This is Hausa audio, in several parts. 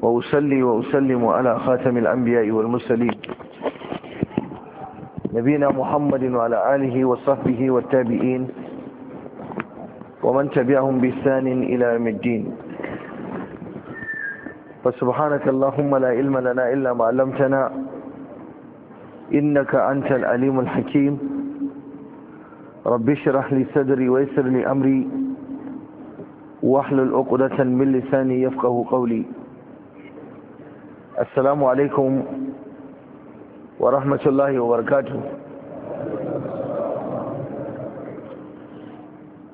وأسلي وأسلم على خاتم الأنبياء والمرسلين نبينا محمد وعلى آله وصحبه والتابعين ومن تبعهم بإحسان إلى يوم الدين فسبحانك اللهم لا علم لنا إلا ما علمتنا إنك أنت العليم الحكيم رب اشرح لي صدري ويسر لي أمري واحلل عقدة من لساني يفقه قولي assalamu alaikum wa rahmatullahi wa barakatu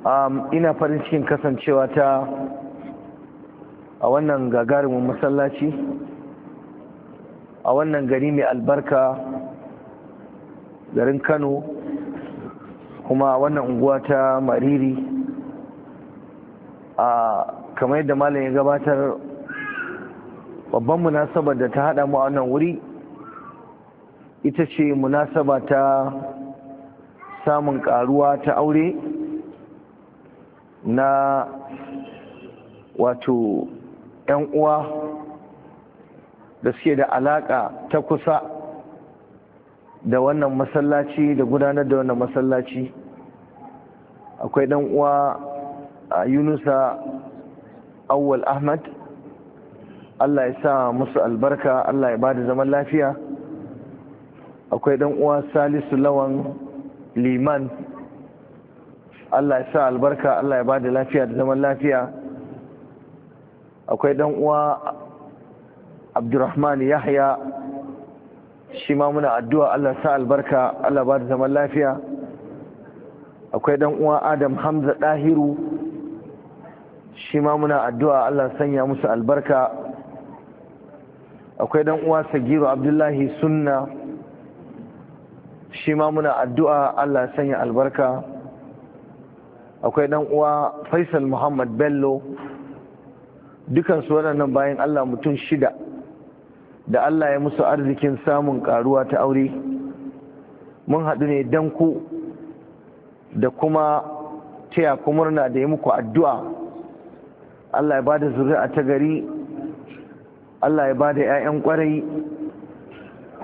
um, ina farin cikin kasancewa ta a wannan gagarumin masallaci a wannan gari mai albarka garin kano kuma wannan unguwa ta mariri a uh, kamar yadda malam ya gabatar babban munasabar da ta hada mu a wannan wuri ita ce munasaba ta samun karuwa ta aure na wato 'yan uwa da suke da alaka ta kusa da wannan masallaci da gudanar da wannan masallaci akwai ɗan uwa a yunusa awwal ahmad Allah ya sa musu albarka Allah ya bada zaman lafiya akwai dan uwa Salisu Lawan Liman Allah ya sa albarka Allah ya bada lafiya da zaman lafiya akwai dan uwa Abdurrahman Yahya shi ma muna addu'a Allah sa albarka Allah bada zaman lafiya akwai dan uwa Adam Hamza Dahiru shi ma muna addu'a Allah sanya musu albarka akwai dan uwa sagiru abdullahi sunna shi ma muna addu'a allah sanya albarka akwai dan uwa faisal muhammad bello dukansu waɗannan bayan allah mutum shida da allah ya musu arzikin samun karuwa ta aure mun haɗu ne dan ku da kuma taya ku murna da ya muku addu'a allah ya ba da zuri'a ta gari Allah ya bada yayan kwarai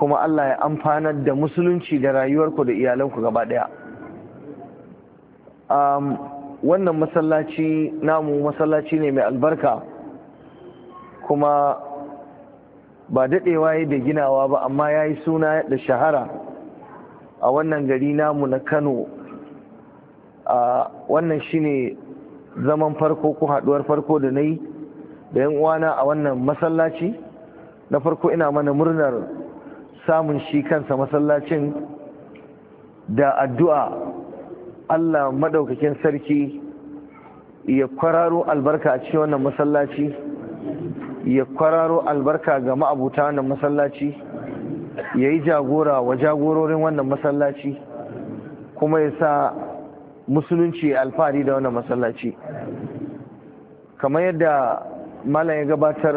kuma Allah ya amfanar da musulunci da rayuwarku da iyalanku gaba ɗaya wannan masallaci namu masallaci ne mai albarka kuma ba daɗewa ya da ginawa ba amma ya yi suna da shahara a wannan gari namu na kano Wannan wannan ne zaman farko ko haɗuwar farko da na yi da yan uwana a wannan masallaci na farko ina mana murnar samun shi kansa masallacin da addu'a Allah maɗaukakin sarki ya kwararo albarka a cikin wannan masallaci ya kwararo albarka ga ma'abuta wannan masallaci ya yi jagora wa jagororin wannan masallaci kuma ya sa musulunci alfahari da wannan masallaci kamar yadda malam ya gabatar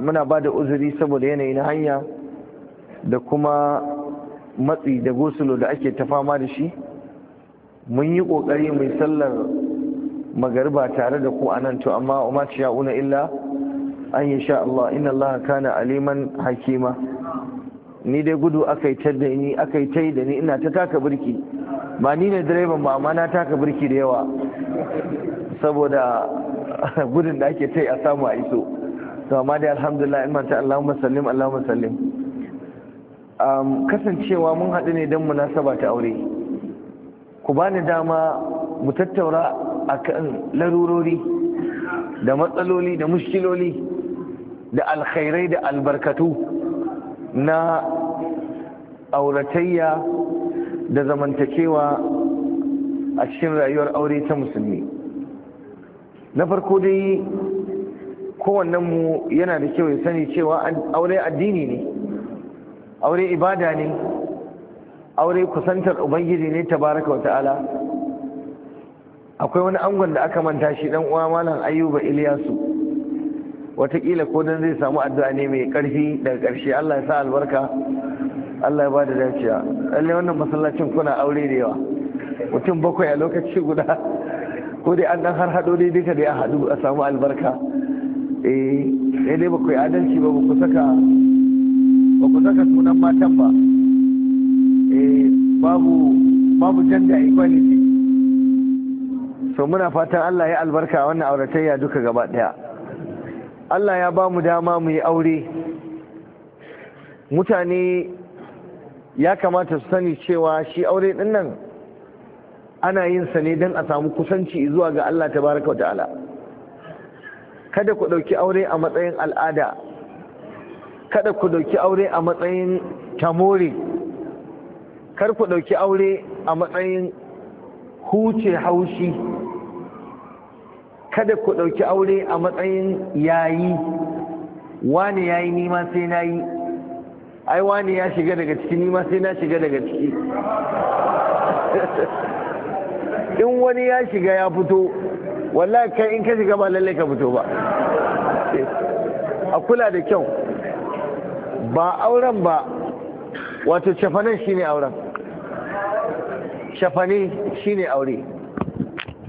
muna ba da uzuri saboda yanayi na hanya da kuma matsi da gosulo da ake ta fama da shi mun yi ƙoƙari mai sallar magariba tare da ku a nan to amma umar ya una illa an yi sha Allah inna Allah kana aliman hakima ni dai gudu aka yi da ni aka yi da ni ina ta taka birki ba ni ne direban ba amma na taka birki da yawa saboda gudun da ake tai a samu a iso to amma dai alhamdulillah in manta Allahumma sallim sallim kasancewa mun haɗu ne don munasaba ta aure ku bani dama mu tattaura akan larurori da matsaloli da mushkiloli da alkhairai da albarkatu na auratayya da zamantakewa a cikin rayuwar aure ta musulmi na farko dai kowannen mu yana da kyau ya sani cewa aure addini ne aure ibada ne aure kusantar ubangiji ne tabaraka wa ta'ala akwai wani angon da aka manta shi dan uwa malam ayyuba iliyasu watakila ko dan zai samu addu'a ne mai karfi daga karshe Allah ya sa albarka Allah ya ba da dacewa lalle wannan masallacin kuna aure da yawa mutum bakwai a lokaci guda ko dai an dan har hado dai duka dai a hadu a samu albarka eh sai dai bakwai adalci ba ku saka ba ku saka sunan matan ba eh babu babu janda equality so muna fatan Allah ya albarka a wannan auratayya duka gaba daya Allah ya ba mu dama mu yi aure mutane ya kamata su sani cewa shi aure din nan ana yin sa ne don a samu kusanci zuwa ga Allah baraka wa ta'ala kada ku ɗauki aure a matsayin al'ada kada ku ɗauki aure a matsayin tamori kar ku ɗauki aure a matsayin huce haushi kada ku ɗauki aure a matsayin yayi wani yayi nima sai na yi ai wani ya shiga daga ciki nima sai na shiga daga ciki in wani ya shiga ya fito wallahi kai in ka shiga ba lallai ka fito ba a kula da kyau ba auren ba wato shafanin shine auren shafani shine aure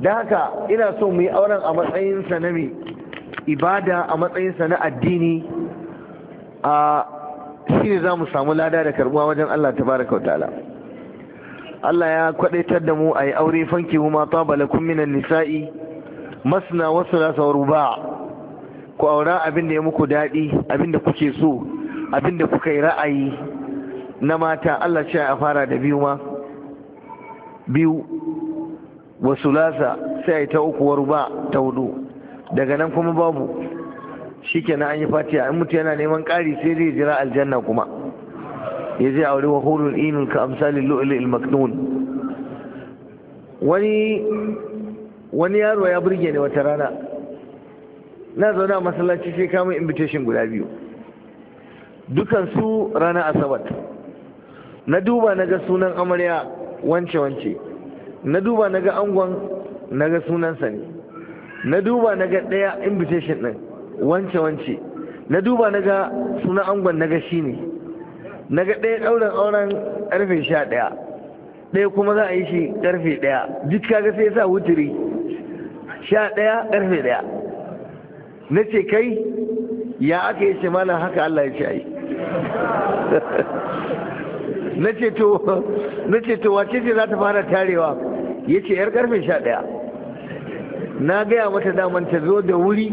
da haka ina so mu yi auren a matsayinsa na ibada a matsayinsa na addini a shi ne za mu samu lada da karbuwa wajen Allah ta baraka wa ta'ala Allah ya kwadaitar da mu a yi aure fanki kuma ta lakum minan nisa'i masna wasu rasa ruba' ku aura abin da ya muku daɗi abin da kuke so abin da kuka yi ra'ayi na mata Allah ce a fara da biyu ma biyu wasu lasa sai ta uku wa ruba ta hudu daga nan kuma babu shi kenan an yi fatiya in mutu yana neman ƙari sai zai jira aljanna kuma ya je aure wa hurun inun ka amsalin lu'ulil maknun wani wani yaro ya burge ni wata rana na zauna masallaci sai kama invitation guda biyu dukansu ranar asabar na duba na sunan amarya wance-wance na duba na angon na ga sunansa na duba na ɗaya invitation ɗin wance-wance na duba na sunan angon na shi ne na ga ɗaya ɗaurin auren ƙarfe sha ɗaya ɗaya kuma za a yi shi ƙarfe ɗaya duk kaga sai sa wuturi sha ɗaya ƙarfe ɗaya na ce kai ya aka yi ce malam haka Allah ya ce ai na ce to na ce to wace ce za ta fara tarewa ya ce yar ƙarfe sha ɗaya na gaya mata daman ta zo da wuri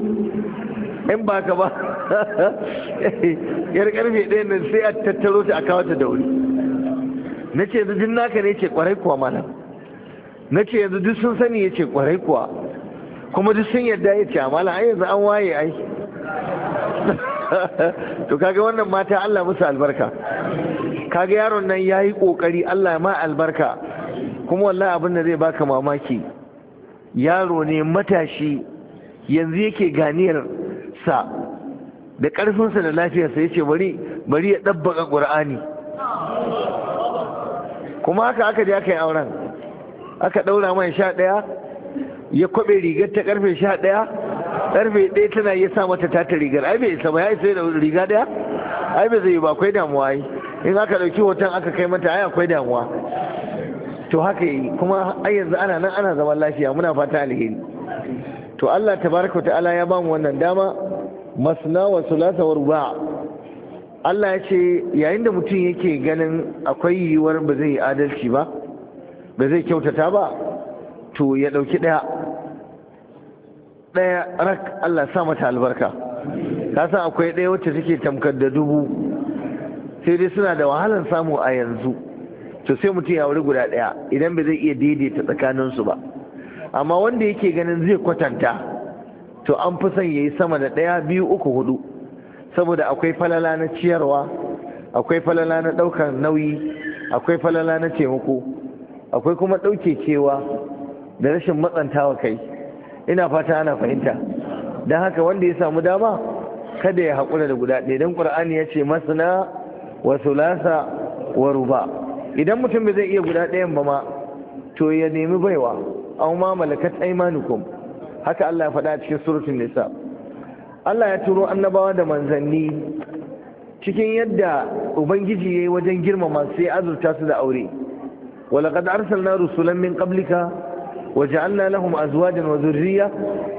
in ba ka ba yar karfe ɗaya nan sai a tattaro ta a kawo ta da wuri na ce yanzu duk naka ne ce kwarai kuwa malam na ce yanzu duk sun sani ya ce kwarai kuwa kuma duk sun yarda ya ce a malam ai yanzu an waye ai to kaga wannan mata Allah musu albarka kaga yaron nan ya yi kokari Allah ma albarka kuma wallahi abin da zai baka mamaki yaro ne matashi yanzu yake ganiyar sa da ƙarfinsa da lafiyarsa ya ce bari ya ɗabbaka ƙur'ani kuma haka aka je aka yi auren aka ɗaura mai sha ɗaya ya kwaɓe rigar ta ƙarfe sha ɗaya ƙarfe ɗaya tana iya sa mata tata rigar ai bai isa ba ya isa da riga ɗaya ai bai zai ba akwai damuwa ai in aka ɗauki hoton aka kai mata ai akwai damuwa to haka yi kuma ai yanzu ana nan ana zaman lafiya muna fata alheri to Allah tabaraka ta'ala ya bamu wannan dama masna wa sulata wa ruba Allah ya ce yayin da mutum yake ganin akwai yiwuwar ba zai adalci ba ba zai kyautata ba to ya ɗauki ɗaya daya rak Allah sa mata albarka ka san akwai ɗaya wacce take tamkar da dubu sai dai suna da wahalar samu a yanzu to sai mutum ya wuri guda ɗaya idan ba zai iya daidaita tsakaninsu ba amma wanda yake ganin zai kwatanta to an fi son ya yi sama da ɗaya biyu uku hudu saboda akwai falala na ciyarwa akwai falala na ɗaukar nauyi akwai falala na taimako akwai kuma ɗauke cewa da rashin matsantawa kai ina fata ana fahimta don haka wanda ya samu dama kada ya haƙura da guda ɗaya don ƙur'ani ya ce masana wa sulasa wa ruba idan mutum bai zai iya guda ɗayan ba ma to ya nemi baiwa an malakat aimanukum haka Allah ya faɗa cikin surutun nisa Allah ya turo annabawa da manzanni cikin yadda ubangiji ya yi wajen girmama sai azurta su da aure walaƙad arsalna rusulan min ƙablika wa ja'alna nahu azwajan wa zurriya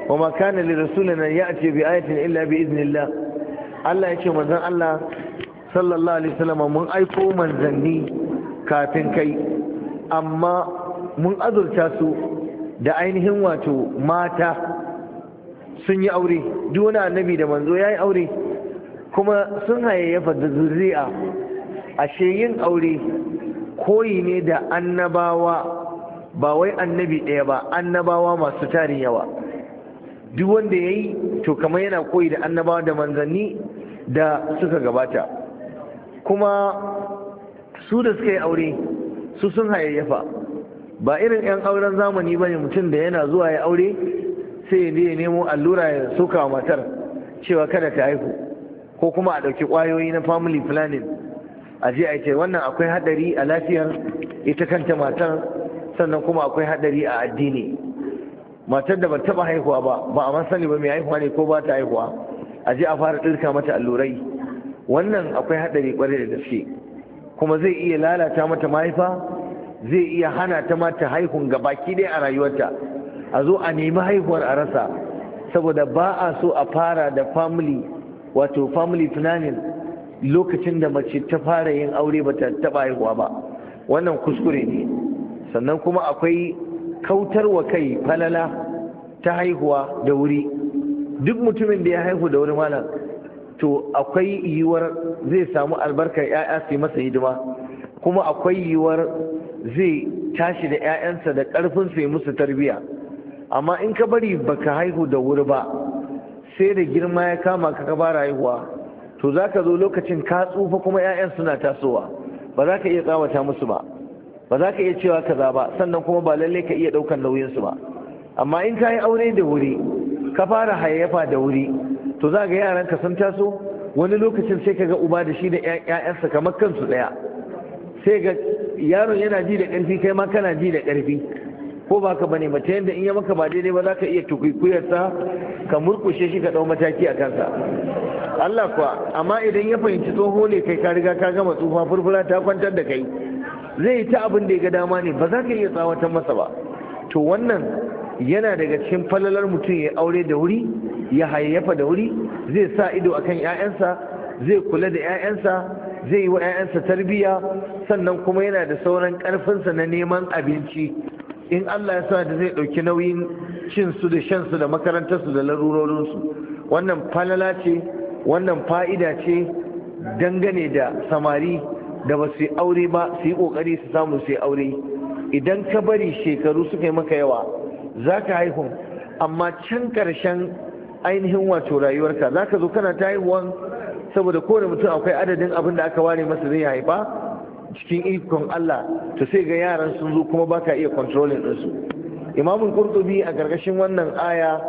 wa ma kana li rasulina ya ce bi ayatin illa bi iznillah Allah ya ce manzon Allah sallallahu alaihi wasallam mun aiko manzanni kafin kai amma mun azurta su da ainihin wato mata sun yi aure duk wani da manzo ya yi aure kuma sun hayayyafa da zuri'a ashe yin aure koyi ne da annabawa ba wai annabi ɗaya ba annabawa masu tarin yawa duk wanda ya yi to kamar yana koyi da annabawa da manzanni da suka gabata kuma su da suka yi aure su sun hayayyafa ba irin 'yan auren zamani ba ne mutum da yana zuwa ya aure sai ya nemo allura ya soka matar cewa kada ta haihu ko kuma a ɗauki kwayoyi na family planning a je a ce wannan akwai haɗari a lafiyar ita kanta matar sannan kuma akwai haɗari a addini matar da ba taɓa haihuwa ba ba a sani ba mai haihuwa ne ko ba ta haihuwa a je a fara ɗirka mata allurai wannan akwai haɗari ƙwarai da gaske kuma zai iya lalata mata mahaifa zai iya hana ta mata haihun haihun gabaki dai a rayuwarta a zo a nemi haihuwar a rasa saboda ba a so a fara da family wato family planning lokacin da mace ta fara yin aure ba ta taɓa haihuwa ba wannan kuskure ne sannan kuma akwai kautarwa kai falala ta haihuwa da wuri duk mutumin da ya haihu da wuri malam to akwai yiwuwar zai samu albarkar 'ya'ya su yi masa hidima kuma akwai yiwuwar zai tashi da 'ya'yansa da ƙarfin su musu tarbiyya. amma in ka bari baka haihu da wuri ba sai da girma ya kama ka ka bara haihuwa to za ka zo lokacin ka tsufa kuma 'ya'yan suna tasowa ba za ka iya tsawata musu ba ba za ka iya cewa kaza ba sannan kuma ba lallai ka iya ɗaukan su ba amma in ka yi aure da wuri ka fara hayayyafa da wuri to za ga ka sun taso wani lokacin sai ka ga uba da shi da 'ya'yansa kamar kansu ɗaya sai ga yaron yana ji da ƙarfi kai ma kana ji da ƙarfi ko ba ka bane mata yadda in ya maka ba daidai ba za ka iya tukwikwiyarsa ka murkushe shi ka ɗau mataki a kansa Allah kuwa amma idan ya fahimci tsoho ne kai ka riga ka gama tsufa furfura ta kwantar da kai zai yi ta abin da ya ga dama ne ba za ka iya tsawatan masa ba to wannan yana daga cikin falalar mutum ya aure da wuri ya hayayyafa da wuri zai sa ido akan 'ya'yansa zai kula da 'ya'yansa zai yi wa 'ya'yansa tarbiyya sannan kuma yana da sauran ƙarfinsa na neman abinci in Allah ya sa da zai ɗauki nauyin cin su da shan su da makarantarsu da larurorinsu wannan falala ce wannan fa'ida ce dangane da samari da ba su yi aure ba su yi ƙoƙari su samu su yi aure idan ka bari shekaru suka yi maka yawa za ka haihu amma can ƙarshen ainihin wato rayuwarka za ka zo kana ta haihuwan saboda kowane mutum akwai adadin abin da aka ware masa zai haifa cikin ikon Allah to sai ga yaran sun zo kuma baka iya controlling ɗinsu imamun kurtubi a gargashin wannan aya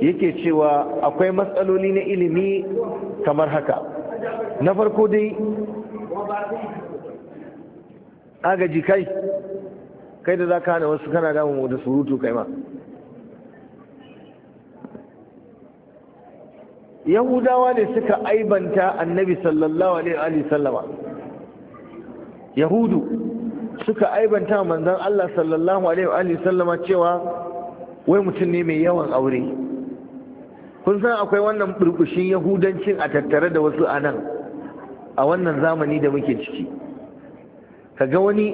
yake cewa akwai matsaloli na ilimi kamar haka na farko dai agaji kai kai da za ka hana wasu kana damu da surutu kai ma yahudawa ne suka aibanta annabi sallallahu alaihi wa sallama yahudu suka aibanta manzon Allah sallallahu alaihi wa sallama cewa wai mutum ne mai yawan aure kun san akwai wannan burbushin yahudancin a tattare da wasu a nan, a wannan zamani da muke ciki kaga wani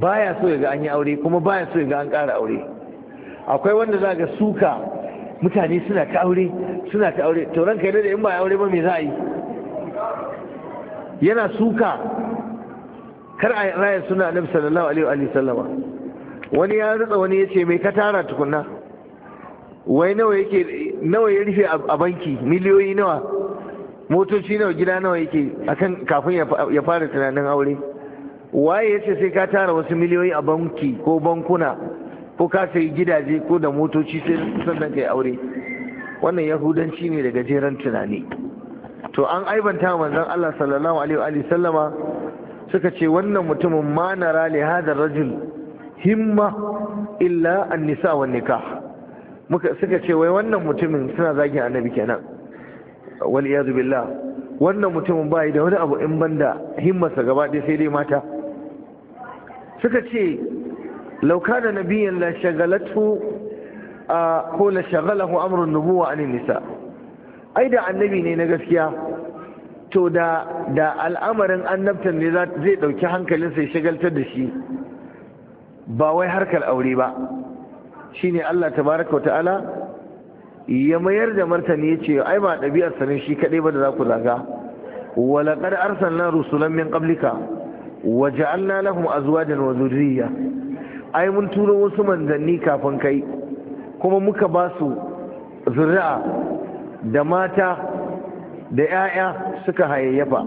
baya so ya ga an yi aure kuma baya so ya ga an ƙara aure akwai wanda za ga suka mutane suna ta aure suna ta aure to ranka da in ba aure ba me za a yi yana suka kar a raya suna annabi sallallahu alaihi wa sallama wani ya rutsa wani ya ce mai ka tara tukunna wai nawa yake nawa ya rufe a banki miliyoyi nawa motoci nawa gida nawa yake akan kafin ya fara tunanin aure waye ya ce sai ka tara wasu miliyoyi a banki ko bankuna ko ka sayi gidaje ko da motoci sai sannan kai aure wannan yahudanci ne da gajeren tunani to an aibanta manzon Allah sallallahu alaihi wa sallama suka ce wannan mutumin ma na rali hadar rajul himma illa an-nisa wa nikah muka suka ce wai wannan mutumin suna zagin annabi kenan wal iyad billah wannan mutumin bai da wani abu in banda himmarsa gaba ɗaya sai dai mata suka ce Lauka لو كان نبيا لشغلته ko la shagalahu amrun nubuwa anin nisa ai da annabi ne na gaskiya to da al'amarin annabtan ne zai ɗauki hankalin sai shagaltar da shi ba wai harkar aure ba Shi shine Allah tabaraka ta'ala ya mayar da martani yace a ba dabi'ar sanin shi kaɗai ba da za ku zaga walaqad arsalna rusulan min qablika waja'alna lahum azwajan wa dhurriyya ai mun turo wasu manzanni kafin kai kuma muka ba su zuri'a da mata da 'ya'ya suka hayayyafa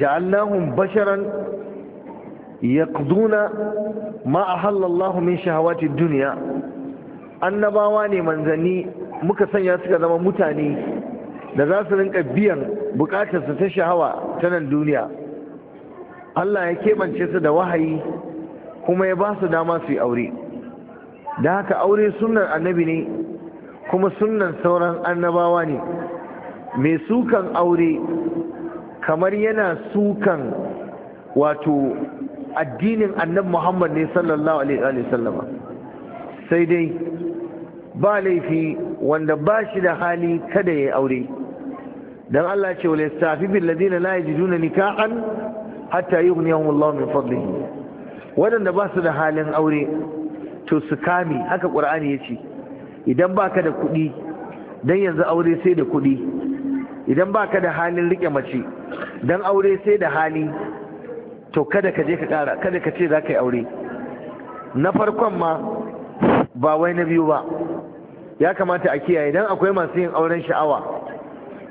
ja'allahun basharan yaqduna ma a Allah min shahawati duniya. annabawa ne manzanni muka sanya suka zama mutane da za su rinka biyan bukatarsu ta shahawa ta nan duniya Allah ya keɓance su da wahayi kuma ya ba su dama su yi aure da haka aure sunan annabi ne kuma sunnan sauran annabawa ne mai sukan aure kamar yana sukan wato addinin annabi muhammad ne sallallahu alaihi sallama sai dai ba laifi wanda ba shi da hali kada ya yi aure don allah ce wa lissafi bin ladina la yajiduna nikahan hatta yughniyahum allah min fadlihi waɗanda ba su da halin aure to su kame haka ƙur'ani ya ce idan ba ka da kuɗi don yanzu aure sai da kuɗi idan ba ka da halin riƙe mace don aure sai da hali to kada ka je ka ƙara kada ka ce za ka yi aure na farkon ma ba wai na biyu ba ya kamata a kiyaye don akwai masu yin auren sha'awa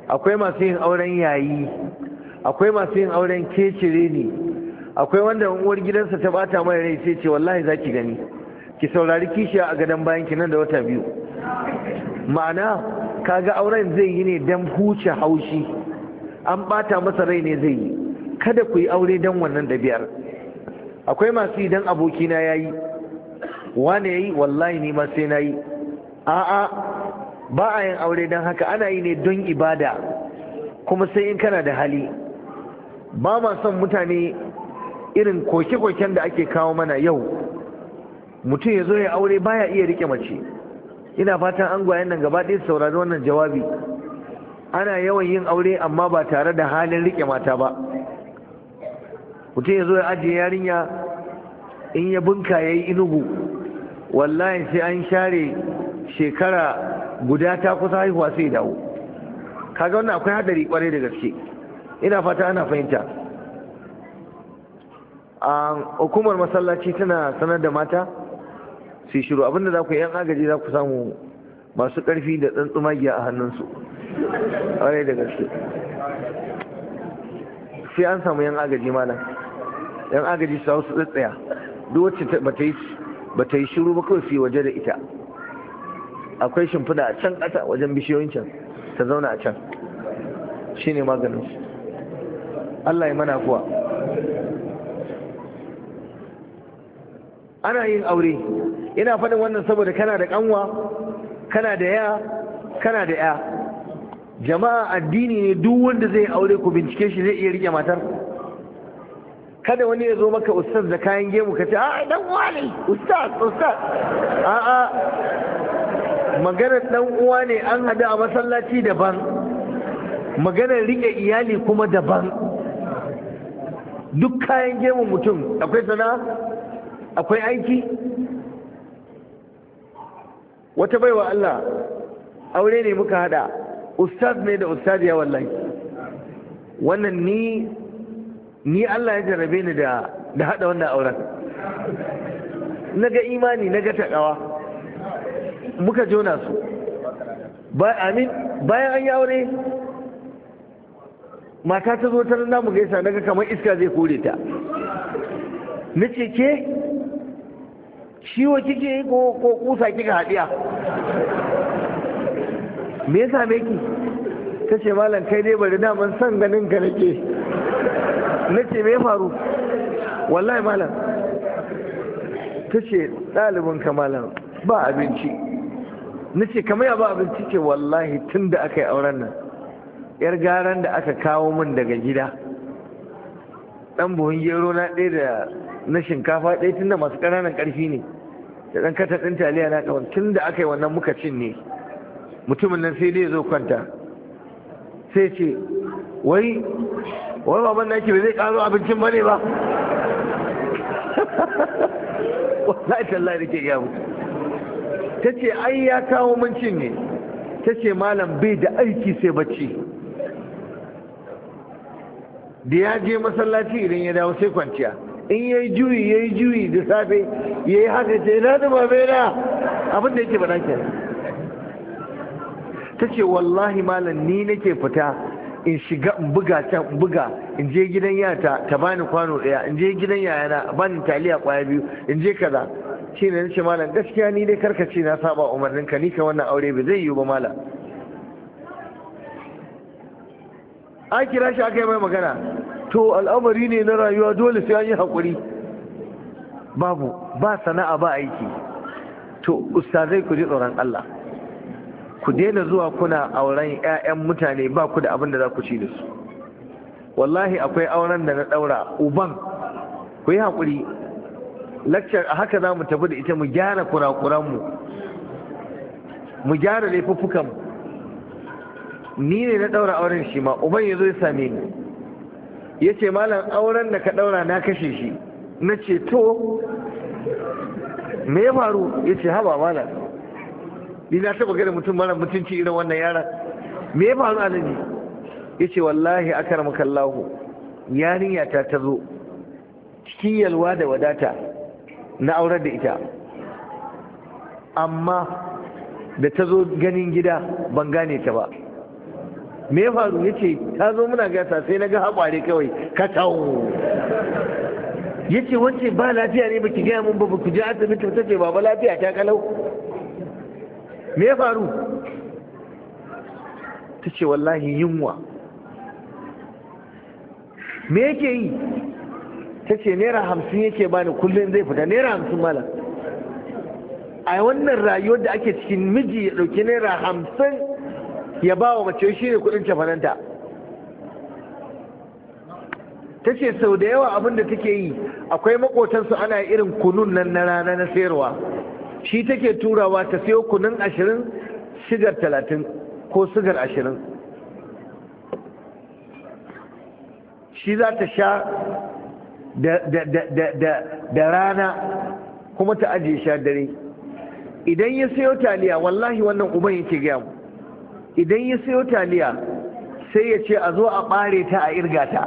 akwai masu yin auren yayi akwai masu yin auren kecire ne akwai wanda uwar gidansa ta bata mai rai sai ce wallahi zaki gani ki saurari kishiya a gadon bayan ki nan da wata biyu ma'ana kaga auren zai yi ne dan huce haushi an bata masa rai ne zai yi kada ku yi aure dan wannan da biyar, akwai masu idan abokina ya yi wane ya yi wallahi ni ma sai na yi a'a ba a yin aure don haka ana yi ne don ibada kuma sai in kana da hali ba ma son mutane irin koke-koken da ake kawo mana yau mutum ya zo ya aure baya iya rike mace ina fatan an gwayen nan gaba ɗaya saurari wannan jawabi ana yawan yin aure amma ba tare da halin rike mata ba mutum ya zo ya ajiye yarinya in ya bunka ya yi inugu wallahi sai an share shekara guda ta kusa haihuwa sai dawo kaga wannan akwai hadari kwarai da gaske ina fata ana fahimta hukumar masallaci tana sanar da mata su shiru abinda za ku yan agaji za ku samu masu ƙarfi da tsantsumagiya a hannunsu Wani da gaske sai an samu yan agaji mana. yan agaji su hau su tsatsaya duk wacce ba ta yi shiru ba kawai su yi waje da ita akwai shimfiɗa a can ƙasa wajen bishiyoyin can ta zauna a can shine maganin Allah ya mana kuwa ana yin aure ina faɗin wannan saboda kana da ƙanwa kana da ya kana da ya jama'a addini ne duk wanda zai aure ku bincike shi zai iya rike matar kada wani ya zo maka ustaz da kayan gemu ka ce a dan uwa ne ustaz ustaz a a maganar dan uwa ne an hada a masallaci daban maganar rike iyali kuma daban duk kayan gemun mutum akwai sana akwai aiki wata baiwa Allah aure ne muka hada ustaz ne da ya wallahi wannan ni ni Allah ya jarrabe ni da da hada wannan auren naga imani naga takawa muka jona su ba amin bayan an yi aure mata ta zo ta mu gaisa naga kamar iska zai kore ta nace ke wa kike yi ko ko kusa kika haɗiya me ya same ki ta ce malam kai dai bari daman san ganin ka nake na ce me faru wallahi malam ta ce ɗalibin ka malam ba abinci na ce kamar ya ba abinci ce wallahi tun da aka yi auren nan yar garan da aka kawo min daga gida ɗan buhun gero na ɗaya da na shinkafa ɗaya tunda masu ƙananan ƙarfi ne da ɗan kata ɗin taliya na ƙawar tun da aka yi wannan muka cin ne mutumin nan sai dai zo kwanta sai ce wai wani baban na ke zai ƙaro abincin ba ne ba wallahi tallahi da ke gaya mutu ta ce ai ya kawo mun cin ne ta ce malam bai da aiki sai bacci da ya je masallaci idan ya dawo sai kwanciya in yayi juyi yayi juyi da safe yayi haka ce na da babe na abin da yake bada ke ta ce wallahi malam ni nake fita in shiga in buga can in buga in je gidan yata ta bani kwano daya in je gidan yayana bani taliya kwaya biyu in je kaza shi ne nace malam gaskiya ni dai karkace na saba umarninka ni ka wannan aure ba zai yiwu ba malam an kira shi aka yi mai magana to al'amari ne na rayuwa dole sai an yi haƙuri babu ba sana'a ba aiki to ustazai ku ji tsoron Allah ku daina zuwa kuna auren 'ya'yan mutane ba ku da abin da za ku ci da su wallahi akwai auren da na ɗaura uban ku yi haƙuri lakcar a haka za mu tafi da ita mu gyara kurakuranmu mu gyara laifuffukanmu ni ne na ɗaura auren shi ma uban ya zo ya same ni ya ce malam auren da ka ɗaura na kashe shi na ce to me ya faru ya ce haba malam ni na taba gada mutum mara mutunci irin wannan yaran me ya faru ne ya ce wallahi rama kallahu yarinya ta ta zo cikin yalwa da wadata na aurar da ita amma da ta zo ganin gida ban gane ta ba me ya faru ya ce ta zo muna gasa sai na ga haƙware kawai ka tawo ya ce wacce ba lafiya ne baki gaya mun ba ba ku je asibiti ta ce baba lafiya ta kalau me ya faru ta ce wallahi yunwa me yake yi ta ce naira hamsin yake bani kullum zai fita naira hamsin malam a wannan rayuwar da ake cikin miji ya ɗauki naira hamsin ya ba wa mace shi ne kudin cefananta ta ce sau da yawa abin da take yi akwai makotansu ana irin kunun nan na rana na sayarwa shi take turawa ta sayo kunun ashirin sigar talatin ko sigar ashirin shi za ta sha da rana kuma ta ajiye sha dare idan ya sayo taliya wallahi wannan uban yake gaya mu idan ya sayo taliya sai ya ce a zo a ɓare ta a irga ta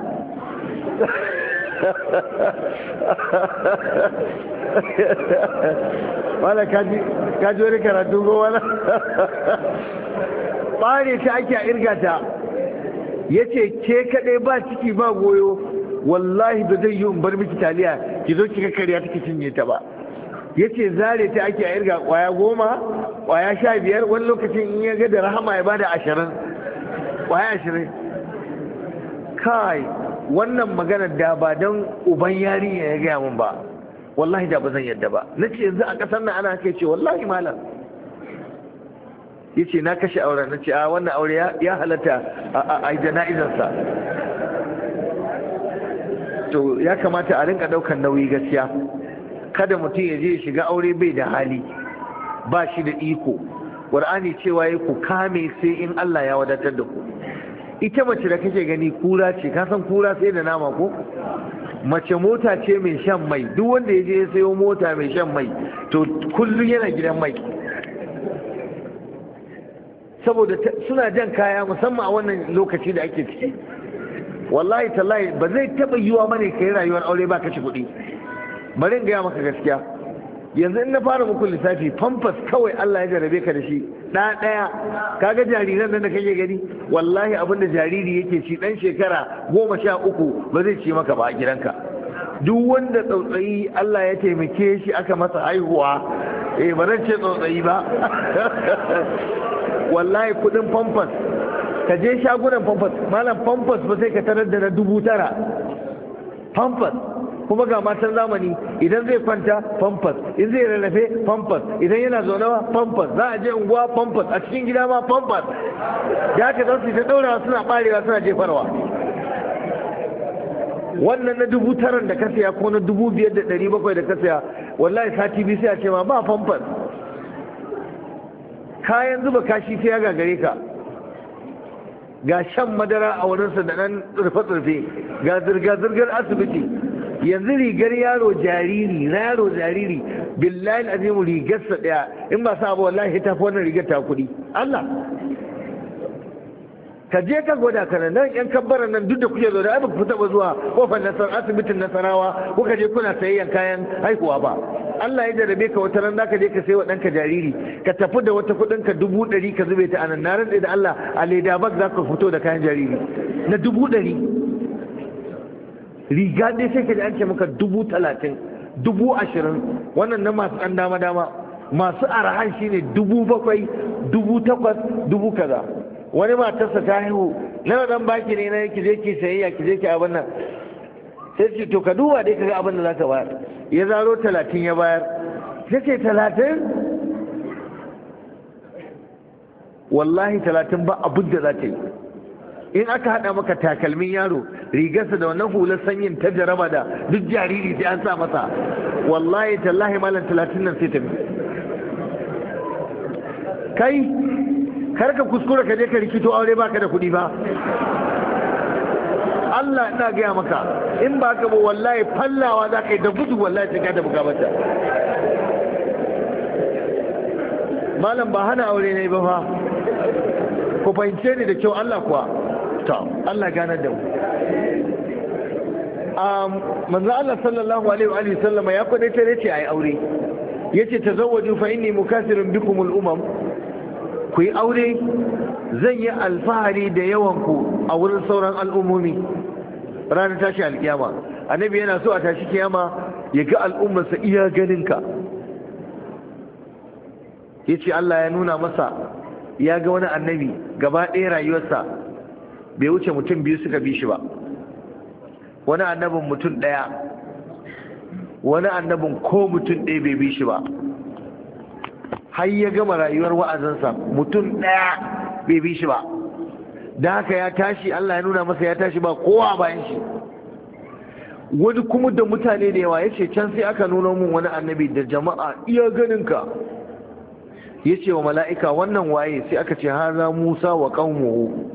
wala kaji wani karatu ko wala ɓare ta ake a irga ta ya ce ke kaɗai ba ciki ba goyo wallahi ba zai yi umar miki taliya ki zo kika karya take cinye ta ba Yace zare ta ake a irga kwaya goma kwaya sha biyar wani lokacin in ya ga da rahama ya bada ashirin kwaya ashirin kai wannan magana da ba don uban yarinya ya gaya min ba wallahi da ba zan yadda ba na ce yanzu a ƙasar nan ana kai ce wallahi malam ya ce na kashe auren na ce a wannan aure ya halatta a jana'izarsa to ya kamata a rinka ɗaukar nauyi gaskiya kada mutum ya je shiga aure bai da hali ba shi da iko ƙur'ani cewa ya ku kame sai in Allah ya wadatar da ku ita mace da kake gani kura ce ka kura sai da nama ko mace mota ce mai shan mai duk wanda ya je ya sayo mota mai shan mai to kullum yana gidan mai saboda suna jan kaya musamman a wannan lokaci da ake ciki wallahi tallahi ba zai taba yiwa mani kai rayuwar aure ba kashe kuɗi bari gaya maka gaskiya yanzu in na fara muku lissafi famfas kawai Allah ya jarabe ka da shi da ɗaya kaga jariran nan da kake gani wallahi abin da jariri yake ci dan shekara goma sha uku ba zai ci maka ba a gidanka duk wanda tsautsayi Allah ya taimake shi aka masa haihuwa eh ba zan ce tsautsayi ba wallahi kuɗin famfas ka je shagunan famfas malam famfas ba sai ka tarar da na dubu tara famfas kuma ga matan zamani idan zai kwanta famfas in zai rarrafe famfas idan yana zaune ba famfas za a je unguwa famfas a cikin gida ma famfas ya ka ta daura suna barewa suna jefarwa wannan na dubu taran da ka saya ko na dubu biyar da ɗari bakwai da ka saya wallahi sati biyu sai a ce ma ba famfas kayan zuba kashi sai ya gagare ka ga shan madara a wurinsa da nan tsirfe-tsirfe ga zirga-zirgar asibiti yanzu rigar yaro jariri na yaro jariri billahi azimu rigarsa daya in ba sa ba wallahi ta fi wannan rigar ta kuɗi Allah ka je ka gwada ka nan yan kabbaran nan duk da kuke zo da ai ku taba zuwa kofar nasar asibitin nasarawa kuka je kuna sayayyan kayan haihuwa ba Allah ya jarabe ka wata ran zaka je ka sayi wa ɗanka jariri ka tafi da wata kuɗin ka dubu ɗari ka zube ta anan na da Allah a leda bag zaka fito da kayan jariri na dubu ɗari riga dai sai ka ji an ce maka dubu talatin dubu ashirin wannan na masu ɗan dama dama masu arahan ne dubu bakwai dubu takwas dubu kaza wani matarsa ta haihu na dan baki ne na ki je ki sayayya ki je ki abin nan sai ce to ka duba dai ga abin da za ka bayar ya zaro talatin ya bayar sai ce talatin wallahi talatin ba abin da za ta yi in aka hada maka takalmin yaro rigarsa da wannan hular sanyin ta jaraba da duk jariri sai an sa masa wallahi tallahi malam talatin nan sai tafi kai kar ka kuskura ka je ka rikito aure baka da kuɗi ba Allah ina gaya maka in ba ka ba wallahi fallawa za ka yi da gudu wallahi ta gada buga mata malam ba hana aure ne ba fa ku fahimce ni da kyau Allah kuwa ta Allah gane da Allah sallallahu alaihi wa alihi sallama ya kwade ta ce yi aure yace tazawwaju fa inni mukasirun bikum al umam ku yi aure zan yi alfahari da yawan ku a wurin sauran al'ummomi ranar tashi alkiyama annabi yana so a tashi kiyama ya ga al'ummarsa iya ganinka yace Allah ya nuna masa ya ga wani annabi gaba ɗaya rayuwarsa bai wuce mutum biyu suka bi shi ba wani annabin mutum ɗaya wani annabin ko mutum ɗaya bai bi shi ba har ya gama rayuwar wa'azinsa mutum ɗaya bai bi shi ba da haka ya tashi Allah ya nuna masa ya tashi ba kowa bayan shi wani kuma da mutane da yawa ya ce can sai aka nuna mun wani annabi da jama'a iya ganinka ya ce wa mala'ika wannan waye sai aka ce haza musa wa kanwo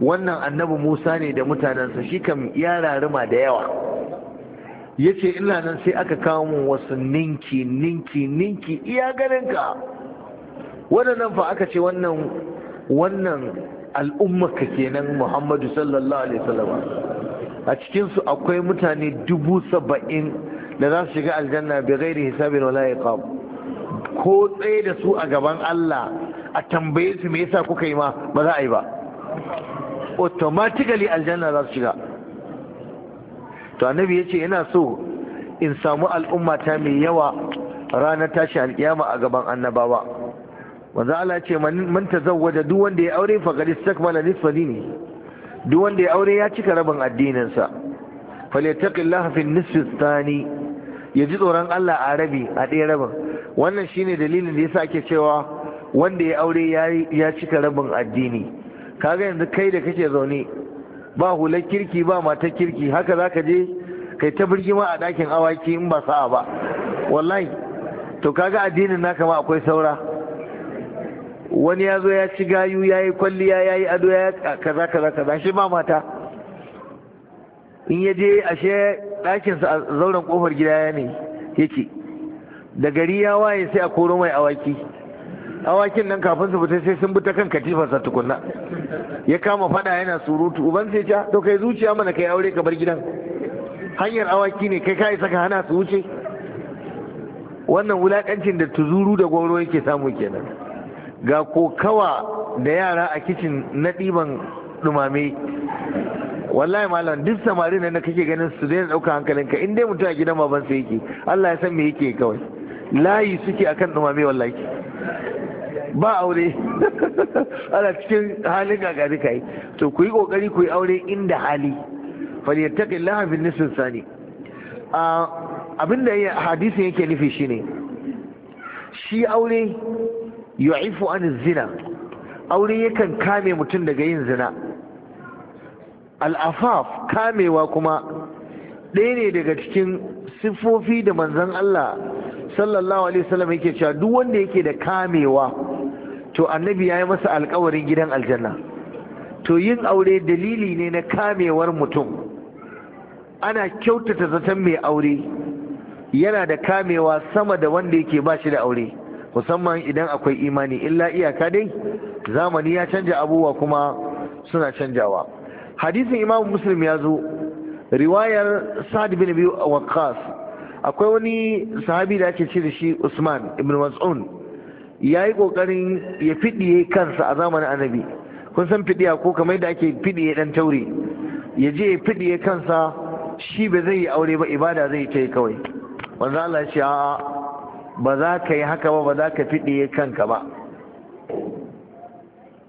wannan annabi musa ne da mutanensa shi kam ya rarima da yawa ya ce ina nan sai aka kawo wasu ninki ninki ninki iya ganin ka waɗannan fa aka ce wannan wannan al'ummaka kenan muhammadu sallallahu alaihi wasallam a cikinsu akwai mutane dubu saba'in da za su shiga aljanna bi gairi hisabin wala iqab ko tsaye da su a gaban Allah a tambaye su me yasa kuka yi ma ba za a yi ba automatically aljanna za su shiga to annabi ya ce yana so in samu al'umma ta mai yawa ranar tashi alkiyama a gaban annabawa wanzu Allah ce man tazawwaja duk wanda ya aure fa su istakmala nisfa dini duk wanda ya aure ya cika rabin addininsa falyattaqillaha fi nisfi thani ya ji tsoron Allah a rabi a ɗaya rabin wannan shine dalilin da ya yasa ake cewa wanda ya aure ya cika rabin addini kaga yanzu kai da kake zaune ba hular kirki ba matar kirki haka za ka je kai ta birgima a ɗakin awaki in ba sa'a ba wallahi to kaga addinin naka ma akwai saura wani ya zo ya ci gayu ya yi kwalliya ya yi ado ya kaza kaza kaza shi ba mata in ya je ashe ɗakinsa a zauren kofar gida ya ne yake da gari ya waye sai a koro mai awaki awakin nan kafin su fita sai sun bi ta kan katifarsa tukunna ya kama fada yana surutu uban sai ta, to kai zuciya mana kai aure ka bar gidan hanyar awaki ne kai kai saka hana su wuce wannan wulakancin da tuzuru da gwauro yake samu kenan ga kokawa da yara a kicin na ɗiban dumame wallahi malam duk samarin da kake ganin su daina hankalin hankalinka in dai mutum a gidan baban sa yake Allah ya san me yake kawai layi suke akan dumame wallahi ba aure ana cikin halin gagari kai to ku yi kokari ku yi aure inda hali ya Allah fi nisan sani abinda hadisin yake nufi shine shi aure yu'ifu an zina aure yakan kame mutum daga yin zina al'afaf kamewa kuma ɗaya ne daga cikin sifofi da manzon Allah sallallahu alaihi wasallam yake cewa duk wanda yake da kamewa to annabi ya yi masa alkawarin gidan aljanna to yin aure dalili ne na kamewar mutum ana kyautata zaton mai aure yana da kamewa sama da wanda yake ba shi da aure musamman idan akwai imani illa iyaka dai zamani ya canja abubuwa kuma suna canjawa hadisin imam muslim ya zo riwayar sa'ad bin biyu a akwai wani sahabi da ake ce da shi usman ibn mas'un ya yi ƙoƙarin ya fiɗiye kansa a zamanin annabi kun san fiɗiya ko kamar da ake fiɗiye ɗan taure ya je ya fiɗiye kansa shi ba zai yi aure ba ibada zai ta yi kawai wanda Allah ce a'a ba za ka yi haka ba ba za ka fiɗiye kanka ba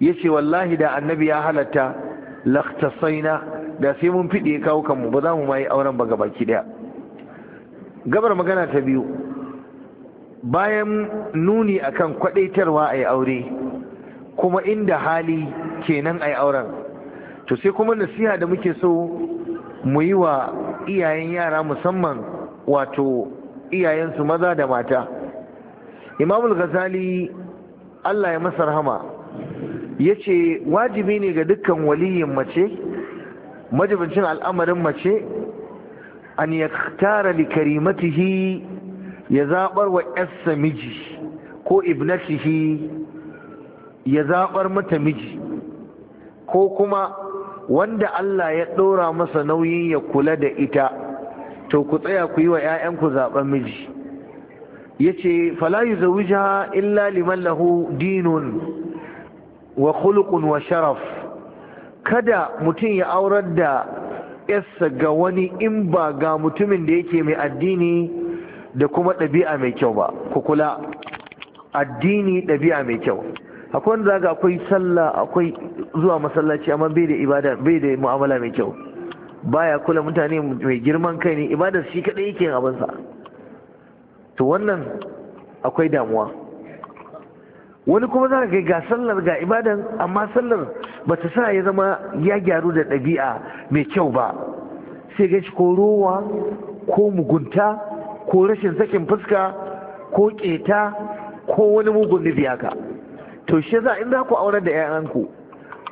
ya ce wallahi da annabi ya halatta laktasaina da sai mun fiɗiye kawo kanmu ba za mu ma yi auren ba gabaki ɗaya gabar magana ta biyu bayan nuni akan kwadaitarwa a yi aure kuma inda hali kenan a yi auren to sai kuma nasiha da muke so mu yi wa iyayen yara musamman wato iyayensu maza da mata imamul ghazali allah ya masa rahama ya ce wajibi ne ga dukkan waliyin mace majibincin al'amarin mace an ya tara li ya zaɓar wa ‘yarsa miji ko ibnatihi ya zaɓar mata miji ko kuma wanda Allah ya ɗora masa nauyin ya kula da ita to ku tsaya ku yi wa ‘ya'yanku zaɓen miji ya ce falayu zawija illa liman lahu dinun wa khuluqun wa sharaf kada mutum ya aurar da ‘yarsa ga wani in ba ga mutumin da yake mai addini da kuma ɗabi'a mai kyau ba ku kula addini ɗabi'a mai kyau akwai wanda zaga akwai sallah akwai zuwa masallaci amma bai da ibada bai da mu'amala mai kyau baya kula mutane mai girman kai ne ibadar shi kadai yake abin sa to wannan akwai damuwa wani kuma za ga ga sallar ga ibadan amma sallar ba ta sa ya zama ya gyaru da ɗabi'a mai kyau ba sai ga shi ko rowa ko mugunta ko rashin sakin fuska ko keta ko wani mugun nufi haka to shi za in za ku aurar da 'ya'yanku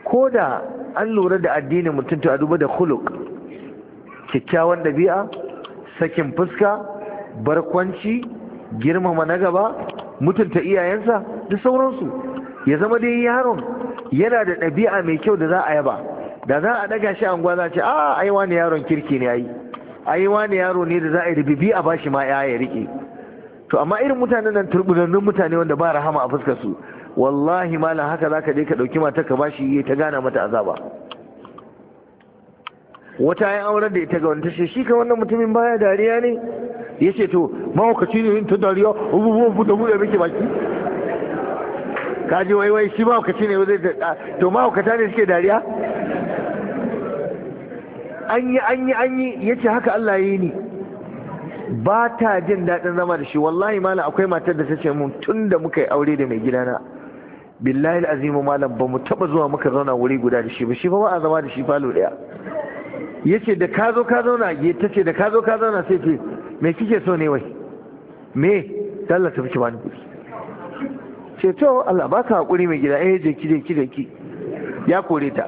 ko da an lura da addinin mutum to a duba da kuluk. kyakkyawan ɗabi'a sakin fuska barkwanci girmama na gaba mutunta iyayensa da sauransu ya zama dai yaron yana da ɗabi'a mai kyau da za a yaba da za a ɗaga shi an za ce a ah, aiwa ne yaron kirki ne yayi ai wani yaro ne da za a yi ribibi a bashi ma ya ya rike to amma irin mutanen nan turbunannun mutane wanda ba rahama a fuskar su wallahi malam haka zaka je ka dauki mata ka bashi yayi ta gana mata azaba wata ya aurar da ita ga wani tashi shi kan wannan mutumin baya dariya ne ya ce to mahaukaci ne yin ta dariya abubuwan buɗe buɗe miki baki kaji wai wai shi mahaukaci ne zai to mahaukata ne suke dariya an yi an yi an yi ya ce haka Allah ya yi ni ba ta jin daɗin zama da shi wallahi mala akwai matar da ta ce mun tun da muka yi aure da mai gidana billahi azimu malam ba mu taɓa zuwa muka zauna wuri guda da shi ba shi ba ba a zama da shi falo ɗaya ya ce da ka zo ka zauna ya ta ce da ka zo ka zauna sai ce me kike so ne wai me dalla ta fi bani ce to Allah ka haƙuri mai gida eh je ki je ki je ki ya kore ta